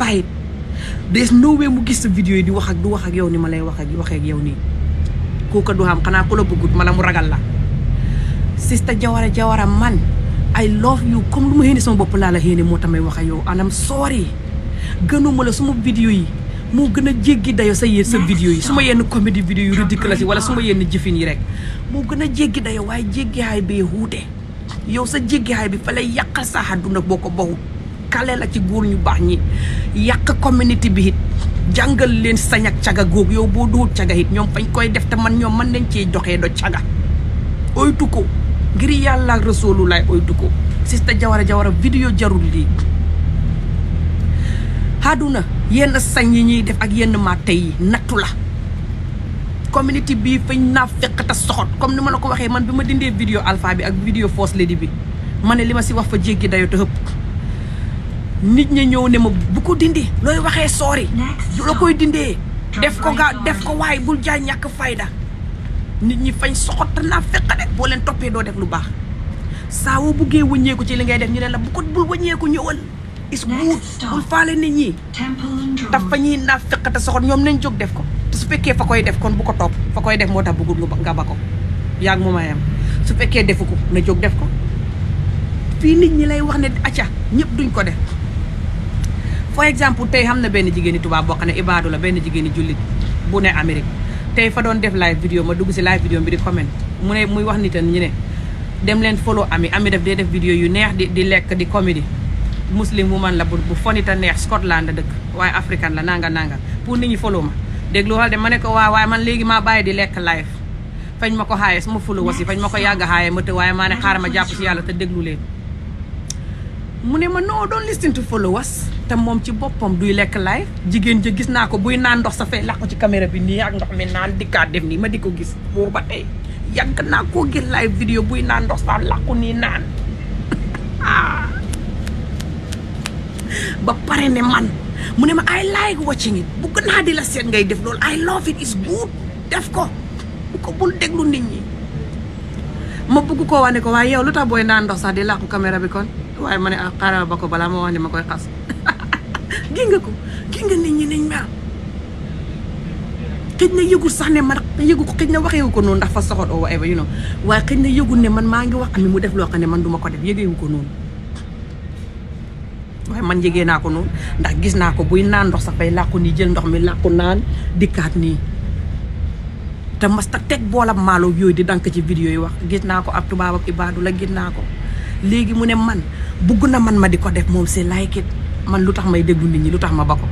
Speaker 1: des no way gis sa vidéo yi wax ak du wax ak yow ni ma lay wax ak waxee ak yow nii kooka du xam xanaa ku la mala mu ragal la sista Jawara Jawara man I love you comme lu ma yéene sama bopp laa la yéene moo tax wax a yow anam sorry gënuma la suma vidéo yi moo gën a jéggi dayo sa yéen sa vidéo yi su ma yenn comédie vidéo yu ridicule si wala su ma yenn jëfin yi rek moo gën a jéggi dayoo waaye jéggi xaay bee wuute yow sa jéggi xaay bi fa lay yàqal sa àdduna boo ko bawut kale la ci góor ñu baax ñi yàq communauté bi it jàngal leen sañ ak caga yow boo duwut caga it ñoom fañ koy def te man ñoom mën nañ cee joxee do caga oytu ko ngir yàlla resoolu laay oytu ko sista jawara jawara vidéo jarul lii àdduna yenn sañ yi ñuy def ak yenn matte yi nattu la community bii fañ naa fekk te soxot comme ni ma la ko waxee man bi ma dindee vidéo alpha bi ak vidéo fausse lady bi ma ne li ma si wax fa jéggi dayoo te hëpp nit ña ñëw ne ma bu ko dindi looy waxee soori la koy dindee def ko nga def ko waaye bul jaay ñàkk fayda nit ñi fañ soxot te naa fekk de boo leen toppee doo def lu baax saa woo buggee wëññeeku ci li ngay def ñu ne la bu ko bul wëññeeku ñëwal is good bul nit ñi taf fa ñuy naaf fekk te soxon ñoom nañ jóg def ko te su fekkee fa koy def kon bu ko topp fa koy def moo tax bëggul nga ba ko yaa ngi mu mayam su fekkee defu ko na jóg def ko fii nit ñi lay wax ne acca ñëpp duñ ko def for exemple tey xam na benn jigéeni tubaab boo xam ne ibaadu la benn jigéeni jullit bu ne Amérique tey fa doon def live vidéo ma dugg si live vidéo bi di comment mu ne muy wax nitan ñu ne dem leen follow ami ami def def vidéo yu neex di di lekk di comédie muslim man la bu bu a neex Scotland la dëkk waaye africaine la nanga nanga pour nit ñi follow ma déglu de ma ne ko waaw waaye man léegi maa bàyyi di lekk live fañ ma ko xaaye suma ma follow aussi fañ ma ko yàgg xaaye ma të waaye maa ne xaar ma jàpp si yàlla te déglu leen mu ne ma noo doon listen to follow te moom ci boppam duy lekk live jigéen ja gis naa ko buy naan ndox sa fee laq ci caméra bi nii ak ndox mi naan dikkaat def nii ma di ko gis buur ba tey naa koo gis live vidéo buy naan ndox sa làqu nii naan ah. ba pare ne man mu ne ma I like watching it bu gën naa di la seet ngay def loolu I love it is good def ko bu ko bul déglu nit ñi ma bugg koo wane ko waaye yow lu tax booy naan ndox sax di làqu caméra bi kon waaye ma ne ah xaaral ba ko balaa ma wax ne ma koy xas gis nga ko gis nit ñi niñ mel xëj na yëgul sax ne man yëgu ko xëj na waxeewu ko noonu ndax fa soxot oo whatever you know waaye xëj na yëgul ne man maa ngi wax ami mu def loo xam ne man duma ko def yëgeewu ko noonu man jegee naa ko noonu ndax gis naa ko buy naan ndox sax fay làqu nii jël ndox mi làqu naan di dikkaat nii te masta teg boolam maalo yooyu di dank ci vidéo yi wax gis naa ko ab tubaab ak ibaadu la gis naa ko léegi mu ne man bugg na man ma di ko def moom c'est like it man lu tax may déglu nit ñi lu tax ma ba ko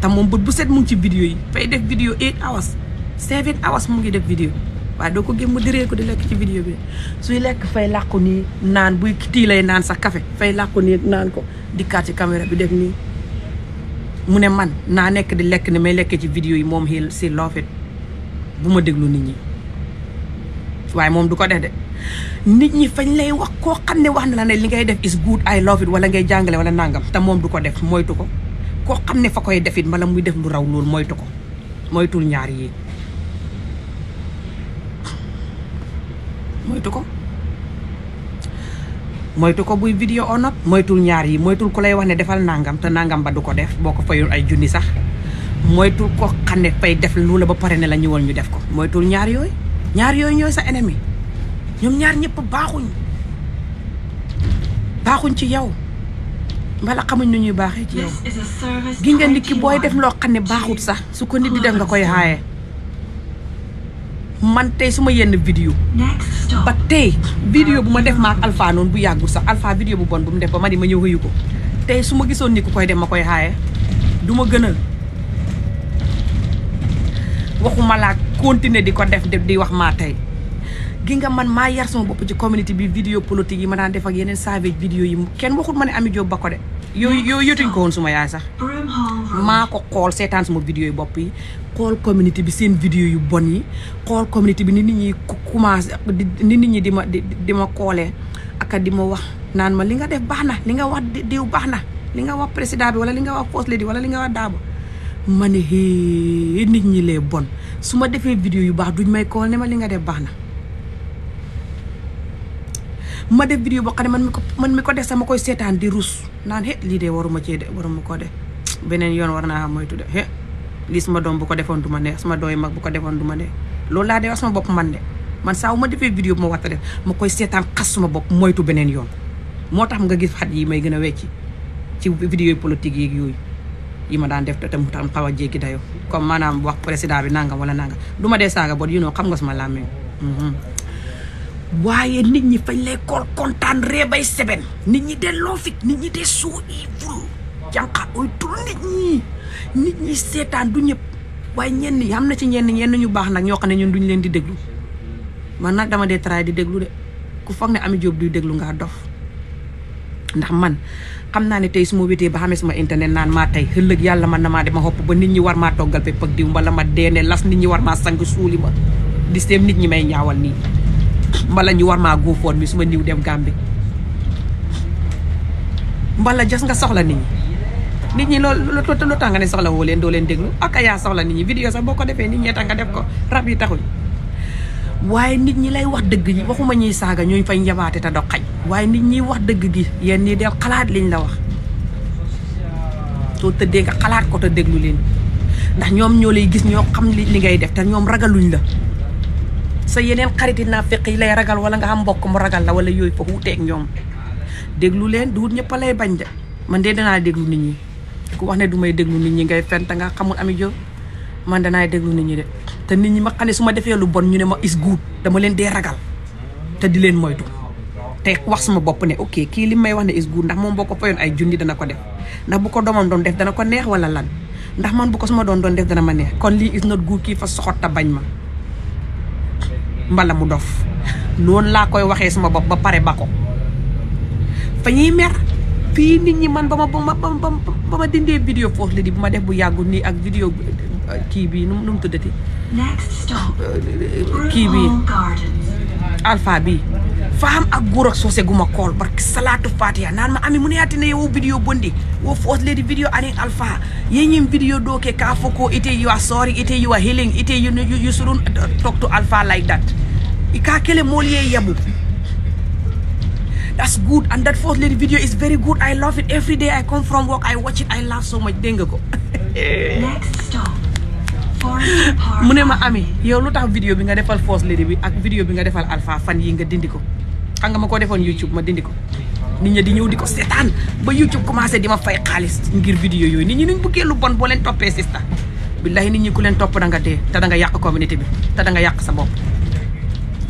Speaker 1: te moom bët bu set mu ci vidéo yi fay def vidéo eight hours seven hours mu ngi def vidéo waaye doo ko gém mu ko di lekk ci vidéo bi suy lekk fay làqu nii naan buy tii lay naan sax café fay làqu nii naan ko dikkaat ci caméra bi def nii mu ne man naa nekk di lekk ne may lekkee ci vidéo yi moom xil si loofit bu ma déglu nit ñi waaye moom du ko de nit ñi fañ lay wax koo xam ne wax na la ne li ngay def is good I love it wala ngay jàngale wala nangam te moom du ko def moytu ko koo xam ne fa koy defit mbala muy def lu raw loolu moytu ko moytul ñaar yi moytu ko moytu ko buy vidéo on not moytul ñaar yi moytul ku lay wax ne defal nangam te nangam ba du ko def boo ko fayul ay junni sax moytul ko xam ne def lu la ba pare ne la ñëwal ñu def ko moytul ñaar yooyu ñaar yooyu ñooy sa ennemi ñoom ñaar ñëpp baaxuñ baaxuñ ci yow mbala xamuñ nu ñuy baaxee ci yow gi nga nit ki booy def loo xam ne baaxut sax su ko nit di def nga koy xaaye man tey su ma yenn vidéo ba tey vidéo bu ma def maak Alpha noonu bu yàggul sax Alpha vidéo bu bon bu mu def ba ma di ma ñëw xëyu ko tey su ma gisoon ni ku koy dem ma koy xaaye du ma gënal waxuma laa continuer di ko def di wax maa tey gi nga man maa yar sama bopp ci communauté bi vidéo politique yi ma daan def ak yeneen savage vidéo yi kenn waxut ma ne Ami Diop ba ko de yooyu yooyu yotuñ ko woon suma yaay sax maa ko xool seetaan suma vidéo yi bopp yi xool communauté bi seen vidéo yu bon yi xool communauté bi ni nit ñi commencé ni nit ñi di ma di ma koolee aka di ma wax naan ma li nga def baax na li nga wax diw baax na li nga wax président bi wala li nga wax first lady wala li nga wax daabo ma ne nit ñi lee bon su ma defee vidéo yu baax duñ may kool ne ma li nga def baax na ma def vidéo boo xam ne man mi ko man mi ko def sama koy seetaan di rus naan he lii de waruma cee de waruma ko de beneen yoon war naa moytu de he lii sama doom bu ko defoon du ma neex sama dooy mag bu ko defoon du ma neex loolu laa de wax sama bopp man de man saa wu ma defee vidéo bu ma waxta def ma koy seetaan xas suma bopp moytu beneen yoon moo tax nga gis xat yi may gën a wecci ci vidéo politique yi yooyu yi ma daan def te mu tax xaw a jéggi dayo comme maanaam wax président bi nangam wala nangam du ma dee saaga bot yi noo xam nga sama làmmiñ mhm. waaye nit ñi fañ lay kontaan ree bay seben nit ñi dee loofit nit ñi dee soo iivul jànqa oytul nit ñi nit ñi seetaan du ñëpp waaye ñenn yi am na ci ñeen ñenn ñu baax nag ñoo xam ne ñun duñ leen di déglu man nag dama dee taraay di déglu de ku foog ni Ami Diop duy déglu ngaa dof ndax man xam naa ni tey su ma wétee ba xamee sama internet naan maa tey ëllëg yàlla man na maa dem a xopp ba nit ñi war maa toggal pepp ak diw mbala ma deene las nit ñi war maa sang suuli ma di nit ñi may ñaawal nii mbala ñu war maa góofoon mi su ma niw dem Gambie mbala jas nga soxla nit ñi nit ñi loolu lu tax nga ne soxla woo leen doo leen déglu ak yaa soxla nit ñi vidéo sax boo ko defee nit ñee nga def ko rab yi taxuñ waaye nit ñi lay wax dëgg gi waxuma ñuy saaga ñooñ fay yabaate te dog xaj waaye nit ñi wax dëgg gi yéen ñii del xalaat liñ la wax soo tëddee nga xalaat ko te déglu leen ndax ñoom ñoo lay gis ñoo xam li ngay def te ñoom ragaluñ la sa yeneen xariti naa fekk yi lay ragal wala nga xam mbokk mu ragal la wala yooyu fa teeg ñoom déglu leen duut ñëpp a lay bañ de man de danaa déglu nit ñi ku wax ne du may déglu nit ñi ngay fen te nga xamul ami jo man danaay déglu nit ñi de te nit ñi ma xam ne su ma defee lu bon ñu ne ma is guut dama leen dee ragal te di leen moytu te wax sama bopp ne ok kii li may wax ne is guut ndax moom boo ko fayoon ay junni dana ko def ndax bu ko doomam doon def dana ko neex wala lan ndax man bu ko suma doon doon def dana ma neex kon lii is not guut kii fa soxot te bañ ma mbala mu dof noonu laa koy waxee sama bopp ba pare ba ko fa ñuy mer fii nit ñi man ba ma ba ma dindee vidéo foofu la di bu ma def bu yàggul nii ak vidéo kii bii nu mu tuddati kii bii alpha bii faam ak góor soose gu ma kool barke salaatu ya naan ma ami mu ne yaati ne wo vidéo bondi wo foos leydi vidéo anin alpha yeñin vidéo ɗo ke ka fo ko ite you are sorry ite you are healing ite you, you, you alpha like that Ikakele Molie Yabu. That's good. And that fourth lady video is very good. I love it. Every day I come from work, I watch it. I laugh so much. Dengago. Next mu ne ma ami yow lu tax vidéo bi nga defal first lady bi ak vidéo bi nga defal alpha fan yi nga dindi ko xam nga ma ko defoon YouTube ma dindi ko nit ñi di ñëw di ko seetaan ba YouTube commencé di ma fay xaalis ngir vidéo yooyu nit ñi nuñ bëggee lu bon boo leen toppee sista billahi nit ñi ku leen topp da nga dee te da nga yàq communauté bi te da yàq sa bopp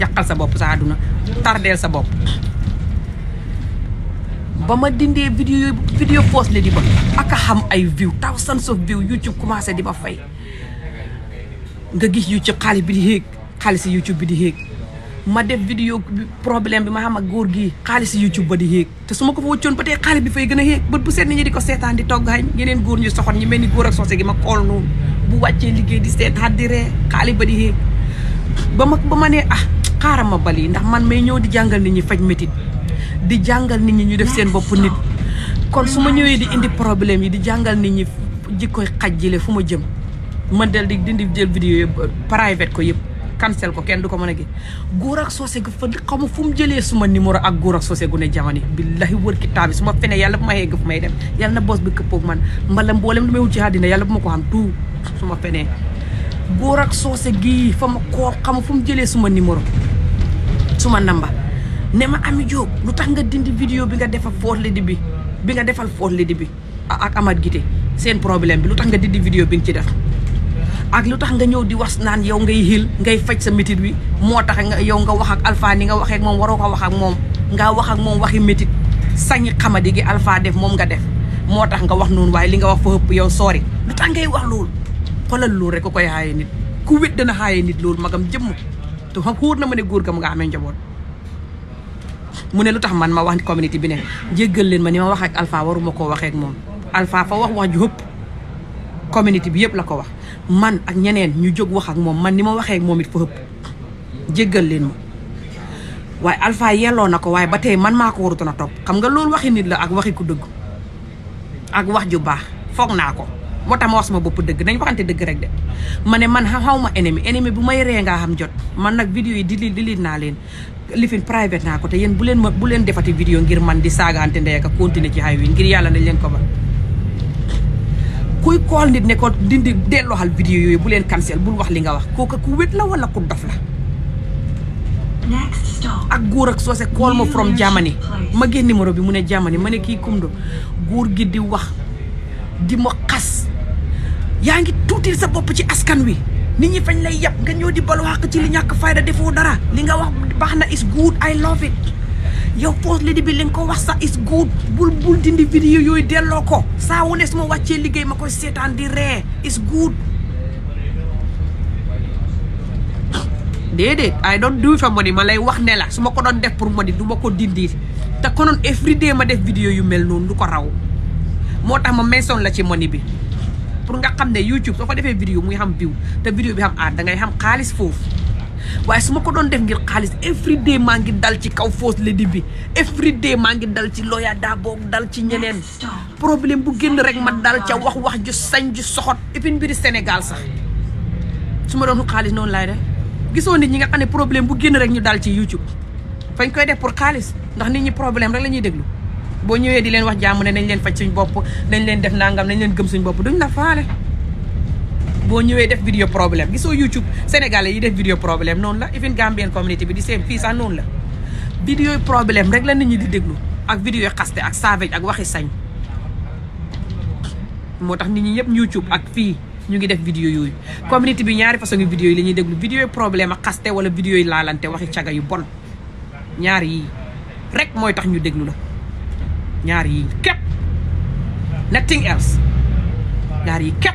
Speaker 1: yàqal sa bopp sa àdduna tardeel sa bopp ba ma dindee vidéo vidéo post la di ba ak xam ay view thousands of view YouTube commencé di ma fay nga gis YouTube xaalis bi di yéeg xaalis YouTube bi di yéeg ma def vidéo problème bi ma xam ak góor gii xaalis YouTube ba di yéeg te su ma ko fa wëccoon ba tey xaalis bi fay gën a yéeg bët bu seet nit ñi di ko seetaan di togg añ yeneen góor ñu soxon ñi mel ni góor ak soose gi ma xool noonu bu wàccee liggéey di seetaan di ree xaalis ba di ma ba ma nee ah xaaral ma bali ndax man may ñëw di jàngal nit ñi faj métit di jàngal nit ñi ñu def seen bopp nit kon su ma ñëwee di indi problème yi di jàngal nit ñi jikkoy xaj jile fu ma jëm man del di dindi jël vidéo private ko yëpp cancel ko kenn du ko mën a góor ak soose xaw fu mu jëlee suma numéro ak góor ak soose gu ne jamono billahi wër kitaab bi su ma fene yàlla ma yegg fu may dem yàlla na boos bi këppoog man mbala mboolem lu may wut ci àddina yàlla bu ma ko xam tout su ma fenee góor ak soose gii fa ma koo xam fu mu jëlee suma numéro suma namba ne ma Ami Jobe lu tax nga dindi vidéo bi nga defal Fort Lady bi nga defal Fort Lady bi ak amat Guité seen problème bi lu tax nga dindi vidéo bi nga ci def ak lu tax nga ñëw di wax naan yow ngay xiil ngay faj sa métit wi moo tax nga yow nga wax ak alfaa ni nga waxeek moom waroo ko wax ak moom nga wax ak moom waxi métit sañi xamadi gi Alpha def moom nga def moo tax nga wax noonu waaye li nga wax fa ëpp yow soori lu tax ngay wax loolu xoolal loolu rek ko koy xaaye nit ku wét dana xaaye nit loolu magam jëmm te xam xuur na ma ne góor ga mu nga amee njaboot mu ne lu tax man ma wax communauté bi ne jéggal leen ma ni ma wax ak Alpha waruma koo waxee ak moom Alpha fa wax wax ju hëpp communauté bi yëpp la ko wax man ak ñeneen ñu jóg wax ak moom man ni ma waxee moom it fa hëpp jéggal leen ma waaye alfaa yelloo na ko waaye ba tey man maa ko warutoon a topp xam nga loolu waxi nit la ak waxi ku dëgg ak wax ju baax foog naa ko moo tax ma wax sama bopp dëgg nañ waxante dëgg rek de ma ne man xaw ma ennemi ennemi bu may ree ngaa xam jot man nag vidéo yi di lii di naa leen lifin private naa ko te yéen bu leen ma bu leen defati vidéo ngir man di saagaante ndey ak continuer ci xay wi ngir yàlla nañ leen ko ba kuy kool nit ne ko dindi delloo xal vidéo yooyu bu leen cancel bul wax li nga wax kooka ku wét la wala ku dof la ak góor ak soose call ma from Germany ma génn numéro bi mu ne Germany ma ne kii kumdo góor gi di wax ma xas yaa ngi tuutil sa bopp ci askan wi nit ñi fañ lay yàpp nga ñëw di balu ci li ñàkk da defoo dara li nga wax baax na is good I love it yow First Lady bi li nga ko wax sax is good bul bul dindi vidéo yooyu delloo ko saa wu ne su ma wàccee liggéey ma koy seetaan di ree is good déedéet I don't do it money ma lay wax ne la su ma ko doon def pour money duma ko dindi te konoon every day ma def vidéo yu mel noonu du ko raw moo tax ma mention la ci money pour nga xam ne YouTube soo fa defee vidéo muy xam view te vidéo bi xam aat dangay ngay xam xaalis foofu waaye su ma ko doon def ngir xaalis everyday maa ngi dal ci kaw First Lady bi everyday maa ngi dal ci Lawyer Darboe dal ci ñeneen problème bu génn rek ma dal ca wax wax ju sañ ju soxot et puis mbiri Sénégal sax su ma doon xut xaalis noonu laay def gisoo nit ñi nga xam ne problème bu génn rek ñu dal ci YouTube fañ koy def pour xaalis ndax nit ñi problème rek la ñuy déglu boo ñëwee di leen wax jàmm ne nañ leen faj suñ bopp nañ leen def nangam nañ leen gëm suñ bopp duñ la faale boo ñëwee def vidéo problème gisoo YouTube sénégalais yi def vidéo problème noonu la even Gambian community bi di seen fii sax noonu la vidéo problème rek la nit ñi di déglu ak vidéo xaste ak savage ak waxi sañ moo tax nit ñi yëpp YouTube ak fii ñu ngi def vidéo yooyu community bi ñaari façon vidéo yi la ñuy déglu vidéo problème ak xaste wala vidéo yi laalante waxi yu bon ñaar rek mooy tax ñu déglu la ñaar yi képp nothing else ñaar yi képp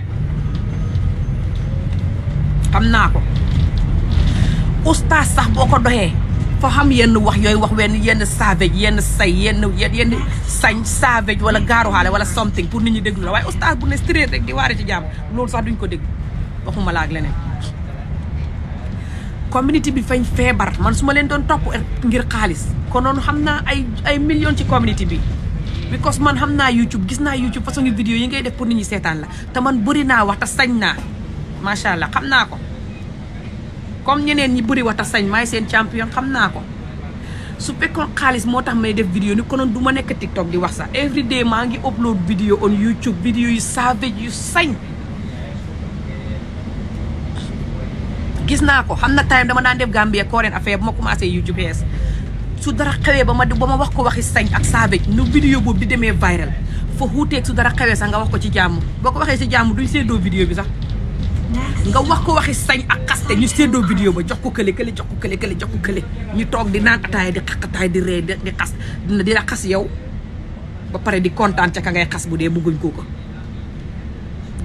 Speaker 1: xam naa ko oustaz sax boo ko doxee fa xam yenn wax yooyu wax wenn yenn savage yenn say yenn yenn sañ savage wala gaaruxaale wala something pour nit ñi déglu la waaye oustaz bu ne straight rek di waare ci jàmm loolu sax duñ ko dégg waxuma la leneen community bi fañ feebar man su ma leen doon topp ngir xaalis konoon xam naa ay ay million ci community bi because man xam naa YouTube gis naa YouTube façon vidéo yi ngay def pour nit ñi seetaan la te man bëri naa wax te sañ naa macha allah xam naa ko comme ñeneen ñi bëri wax te sañ maay seen champion xam naa ko su fekkoon xaalis moo tax may def vidéo ni konoon du ma nekk TikTok di wax sax every day maa ngi upload vidéo on YouTube vidéo yu savage yu sañ gis naa ko xam na time dama daan def Gambia kooreen affaire bu ma commencé YouTube yees su dara xewee ba ma ba ma wax ko waxi sañ ak saabej nu vidéo boobu di demee viral fa wuuteeg su dara xewee sax nga wax ko ci jàmm boo ko waxee si jàmm duñ séddoo vidéo bi sax nga wax ko waxi sañ ak xaste ñu séddoo vidéo ba jox ko kële kële jox ko kële kële jox ko kële ñu toog di naan ataay di xaqataay di ree di xas di la xas yow ba pare di kontaan ca ka ngay xas bu dee bëgguñ koo ko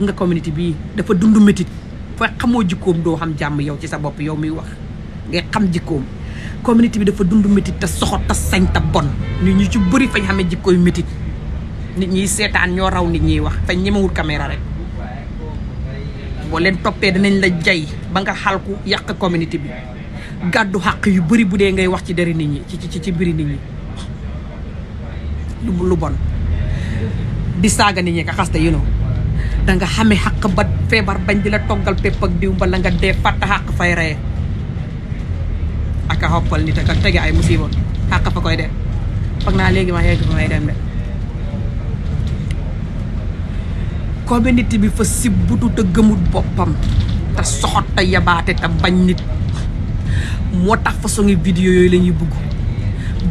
Speaker 1: nga community bii dafa dund métit fa xamoo jikkoom doo xam jàmm yow ci sa bopp yow muy wax ngay xam jikkoom communauté bi dafa dund métit te soxo te sañ te bon nit ñi ci bëri fañ xamee jikkooy métit nit ñiy seetaan ñoo raw nit ñiy wax fañ ñemewul caméra rek boo leen toppee danañ la jay ba nga xalku yàq communauté bi gàddu xaq yu bari bu dee ngay wax ci deri nit ñi ci ci ci biri nit ñi lu bon di saaga nit ñi ka xaste yénoo da nga xamee xaq ba feebar bañ di la toggal pepp ak diw ba la nga dee fàtta xàq fay reye aka hoppal nit aka tege ay musiba xàq fa koy def foog naa léegi ma yegg fa may dem de communauté bi fa sibbutu te gëmut boppam te soxot te yabaate te bañ nit moo tax façon ngi vidéo yooyu la ñuy bugg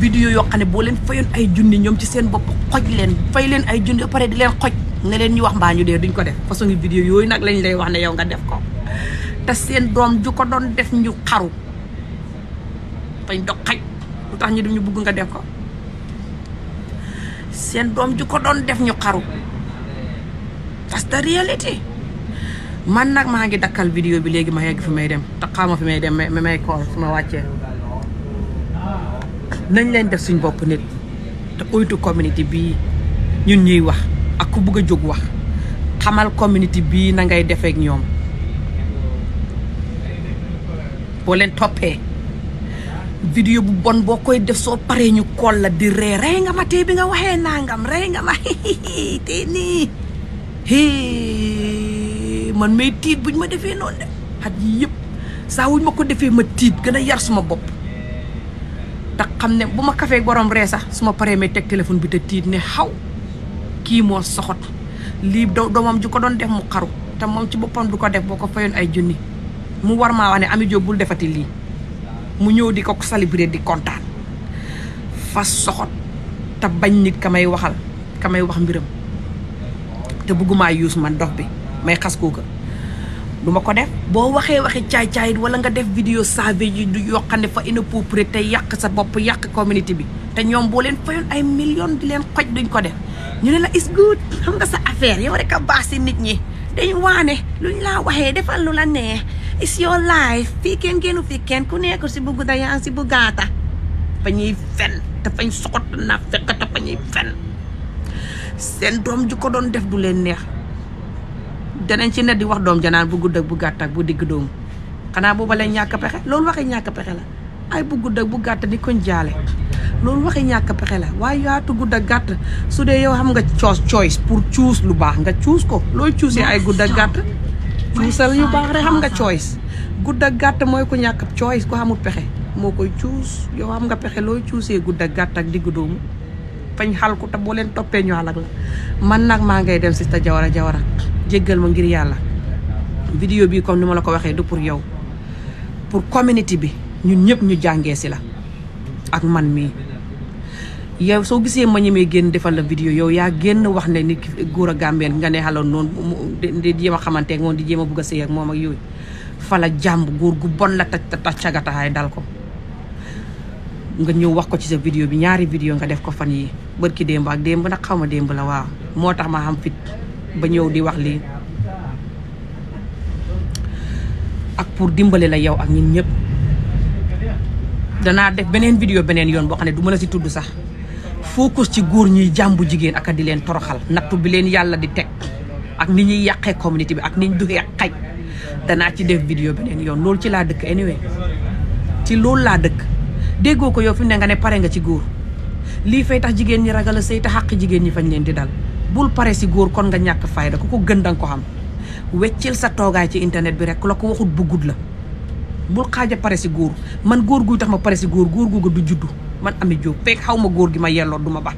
Speaker 1: vidéo yoo xam ne boo leen fayoon ay junni ñoom ci seen bopp xoj leen fay leen ay junni ba pare di ne leen ñu wax mbaa ñu dee duñ ko def façon ngi vidéo yooyu nag lañ lay wax ne yow nga def ko te seen doom ju ko doon def ñu xaru bañ dog xaj lu tax ñu dem ñu bugg nga def ko seen doom ju ko doon def ñu xaru parce que réalité man nag maa ngi dakkal vidéo bi léegi ma yegg fi may dem te xaw ma fi may dem ma may kool su ma wàccee nañ leen def suñ bopp nit te oytu communauté bii ñun ñuy wax ak ku bugg a jóg wax xamal communauté bii na ngay defeek ñoom boo leen toppee vidéo bu bon boo koy def soo paree ñu kol la di ree rey nga ma tey bi nga waxee nangam rey nga ma tey nii man may tiit buñ ma defee noonu de at yi yëpp saa ma ko defee ma tiit gën a yar suma bopp tax xam ne bu ma kafee borom ree sax suma paree may teg téléphone bi te tiit ne xaw kii moo soxot lii doomam ju ko doon def mu xaru te moom ci boppam du ko def boo ko fayoon ay junni mu war maa wax ne ami jóobul defati lii mu ñëw di ko célébrer di kontaan fas soxot te bañ nit ka may waxal ka may wax mbiram te bëggumaa yuus man dox bi may xas kooka duma ko def boo waxee waxi caay caayit wala nga def vidéo savage yi du yoo xam ne fa inapproprié te yàq sa bopp yàq communauté bi te ñoom boo leen fayoon ay million di leen xoj duñ ko def ñu ne la is good xam nga sa affaire yow rek a baax si nit ñi dañ waane luñ laa waxee defal lu la neex it's your life fii kenn génnu fii kenn ku nekk si bu gudda yaa si bu gaata fa ñuy fen dafañ soxot na fekk dafa ñuy fen seen doom ju ko doon def du leen neex danañ ci ne di wax doom janaan bu gudd bu gàtt bu digg doom xanaa booba leen ñàkk pexe loolu waxee ñàkk pexe la ay bu gudd bu gàtt ni koñ jaale loolu waxee ñàkk pexe la waaye yaatu gudd gàtt su dee yow xam nga choose choice pour choose lu baax nga choose ko looy choose ay gudd ak gàtt
Speaker 2: juusal yu baax rek xam nga
Speaker 1: choice gudd gàtt mooy ku ñàkk choice ku xamul pexe moo koy cuus yow xam nga pexe looy cuusee gudd ak gàtt ak diggu doomu fañ xal ku te boo leen toppee ñu xalak la man nag maa ngay dem si ta jawara jawara jéggal ma ngir yàlla vidéo bi comme ni ma la ko waxee du pour yow pour communauté bi ñun ñëpp ñu jàngee si la ak man mii yow soo gisee ma ñemee génn defal la vidéo yow yaa génn wax ne nit góor a gàmbeen nga ne xaloon noonu di jéem a xamante ak moom di jéem a bugg a sëy ak moom ak yooyu fala góor gu bon la taj taj cagataay dal ko nga ñëw wax ko ci sa vidéo bi ñaari vidéo nga def ko fan yi bërki démb ak démb nag xaw ma démb la waaw moo tax ma xam fit ba ñëw di wax lii pour dimbale la yow ak ñun ñëpp danaa def beneen vidéo beneen yoon boo xam ne du ma la si tudd sax focus ci góor ñuy jàmbu jigéen ak di leen toroxal nattu bi leen yàlla di teg ak ni ñuy yàqee communauté bi ak ni ñu duggee xaj danaa ci def vidéo beneen yoon loolu ci laa dëkk anyway ci loolu laa dëkk déggoo ko yow fi ne nga ne pare nga ci góor lii fay tax jigéen ñi ragal a sëy te xàq jigéen ñi fañ leen di dal bul pare si góor kon nga ñàkk fayda ku ko gën danga ko xam weccil sa toogaay ci internet bi rek la ko waxut bu gudd la bul xaaja pare si góor man góor guy tax ma pare si góor góor googu du juddu man Ami jóob fekk xaw ma góor gi ma yelloo du ma ba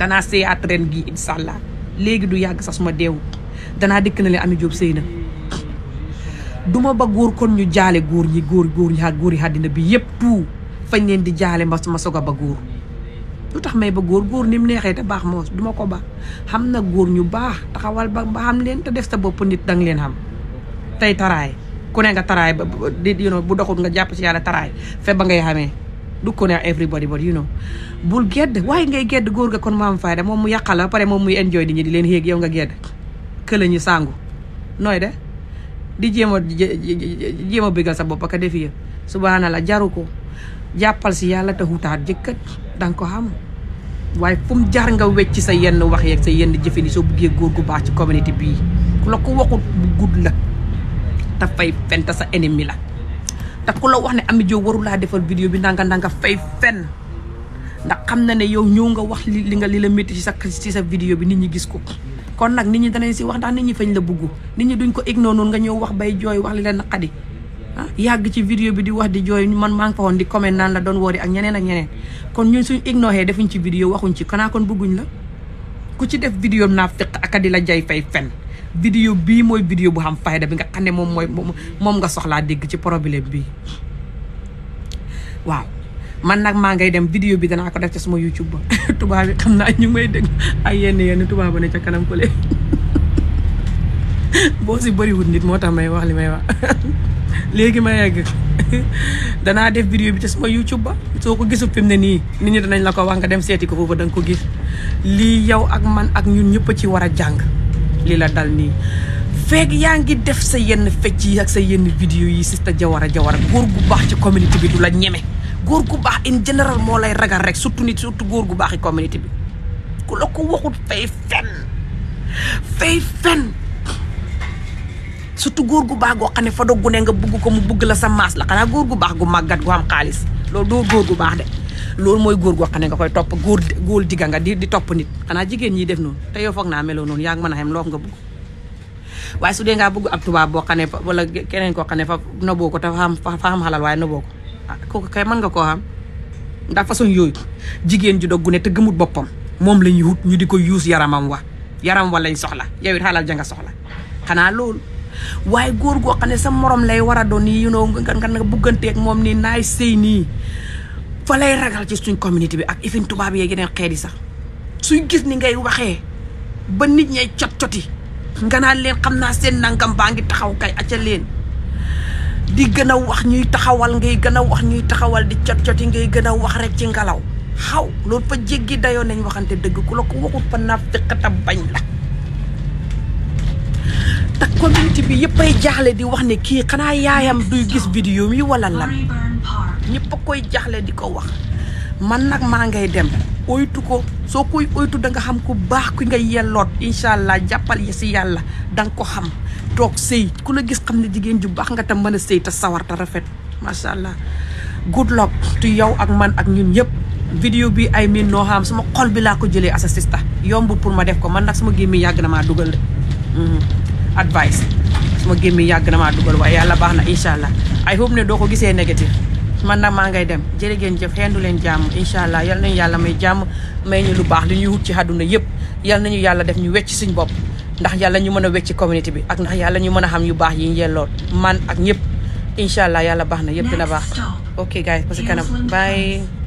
Speaker 1: danaa sëy at ren gi incha léegi du yàgg sax suma ma danaa dikk na leen Ami Diop sëy na du ma ba góor kon ñu jaale góor ñi góor góor ñi góor yi àddina bi yëpp tout fañ leen di jaale ma ma soog ba góor lu tax may ba góor góor ni mu neexee te baax moos du ma ko ba xam na góor ñu baax taxawal ba ba leen te def sa bopp nit danga leen xam tey taraay ku ne nga taraay ba di you bu doxul nga jàpp ci yàlla taraay fe ba ngay xamee du ko ne everybody but you know bul gedd waaye ngay gedd góor ga kon maam fayda moom mu yàqal la pare moom muy enjoy di ñi di leen yéeg yow nga gedd kële ñu sàngu nooy de di jéem a jéem a bégal sa bopp ak a def yëpp subhanallah jaru ko jàppal si yàlla te wutaat jëkkat danga ko xam waaye fu jar jaar nga wecc sa yenn wax yeeg sa yenn jëfin yi soo buggee góor gu baax ci communauté bii ku la ko waxut bu gudd la te fay fenta sa ennemi la te ku la wax ne Ami Diop warulaa defal vidéo bi ndanga ndanga fay fenn ndax xam na ne yow ñëw nga wax li nga li la métti ci sa ci sa vidéo bi nit ñi gis ko kon nag nit ñi danañ si wax ndax nit ñi fañ la bugg nit ñi duñ ko ignore noonu nga ñëw wax bay jooy wax li leen naqadi ah yàgg ci vidéo bi di wax di jooy man maa ngi fa woon di comment naan la doon woori ak ñeneen ak ñeneen kon ñu suñ ignoré defuñ ci vidéo waxuñ ci kanaa kon bëgguñ la ku ci def vidéo naaf tëq aka di la jay fay fen vidéo bii mooy vidéo bu xam fayda bi nga xam ne moom mooy moom nga soxlaa dégg ci problème bii waaw man nag maa ngay dem vidéo bi danaa ko def ci suma youtube ba tubaab yi xam naa may dégg ay yenn yenn tubaab ba ca kanam ko lee boo si moo tax may wax li may wax léegi def vidéo bi ci sama youtube ba soo ko gisul fi ne nii nit ñi danañ la ko wax nga dem seeti ko foofu danga ko gis lii yow ak man ak ñun ñëpp a ci war a jàng li la dal nii feeg yaa ngi def sa yenn fecc yi ak sa yenn vidéo yi Sista Jawara Jawara góor gu baax ci communauté bi du la ñeme góor gu baax in général moo lay ragal rek surtout nit surtout góor gu baax yi bi ku la ko waxut fay fen fay fen surtout góor gu baax goo xam ne fa dog gu ne nga bugg ko mu bugg la sa maas la xanaa góor gu baax gu màggat gu am xaalis loolu doo góor gu baax de loolu mooy góor goo xam ne nga koy topp góor góor digga nga di di topp nit xanaa jigéen ñiy def noonu te yow foog naa meloo noonu yaa ngi mën a nga bëgg dee ngaa bëgg ab tubaab boo xam ne wala keneen koo xam fa noboo ko te fa am fa am xalal waaye noboo ko ah kooku kay mën nga koo xam ndax façon yooyu jigéen ju doggu ne te gëmut boppam moom la ñuy ñu di ko yuus yaramam wa yaram wa lañ soxla yow it xalal ja nga soxla xanaa loolu waaye góor goo xam ne sa moroom lay war a doon nii you know nga nga bugganteeg moom nii naay sëy nii fa lay ragal ci suñ communauté bi ak ifin tubaab yee yeneen xeet yi sax suñ gis ni ngay waxee ba nit ñay cot coti nga naan leen xam naa seen nangam baa ngi taxaw kay acca leen di gën a wax ñuy taxawal ngay gën a wax ñuy taxawal di cot coti ngay gën a wax rek ci ngelaw xaw loolu fa jéggi dayoo nañ waxante dëgg ku la ko waxut fa naa fekkata bañ la te communauté bi yëppay jaaxle di wax ne kii xanaa yaayam duy gis vidéo yi walla lan ñëpp a koy jaxle di ko wax man nag maa ngay dem oytu ko soo koy oytu da nga xam ku baax ku nga yelloot incha allah jàppal yi si yàlla danga ko xam toog sëy ku la gis xam ne jigéen ju baax nga tam mën a sëy te sawar te macha allah good luck tu yow ak man ak ñun ñëpp vidéo bi ay miin noo xam sama xol bi laa ko jëlee asa yomb pour ma def ko man nag sama gémmi yàgg na maa dugal de mm-hmm. advice sama gémmi yàgg na maa dugal waaye yàlla baax na incha allah ay hope ne doo ko gisee négatif man nag maa ngay dem jërë ngeen jëf xendu leen jàmm incha allah yal nañu yàlla may jàmm may ñu lu baax li ñu wut ci àdduna yëpp yal nañu yàlla def ñu wecci suñ bopp ndax yàlla ñu mën a wecc communauté bi ak ndax yàlla ñu mën a xam yu baax yi ñu yelloon man ak ñëpp incha allah yàlla baax na yëpp dina baax ok guys parce que kanam bye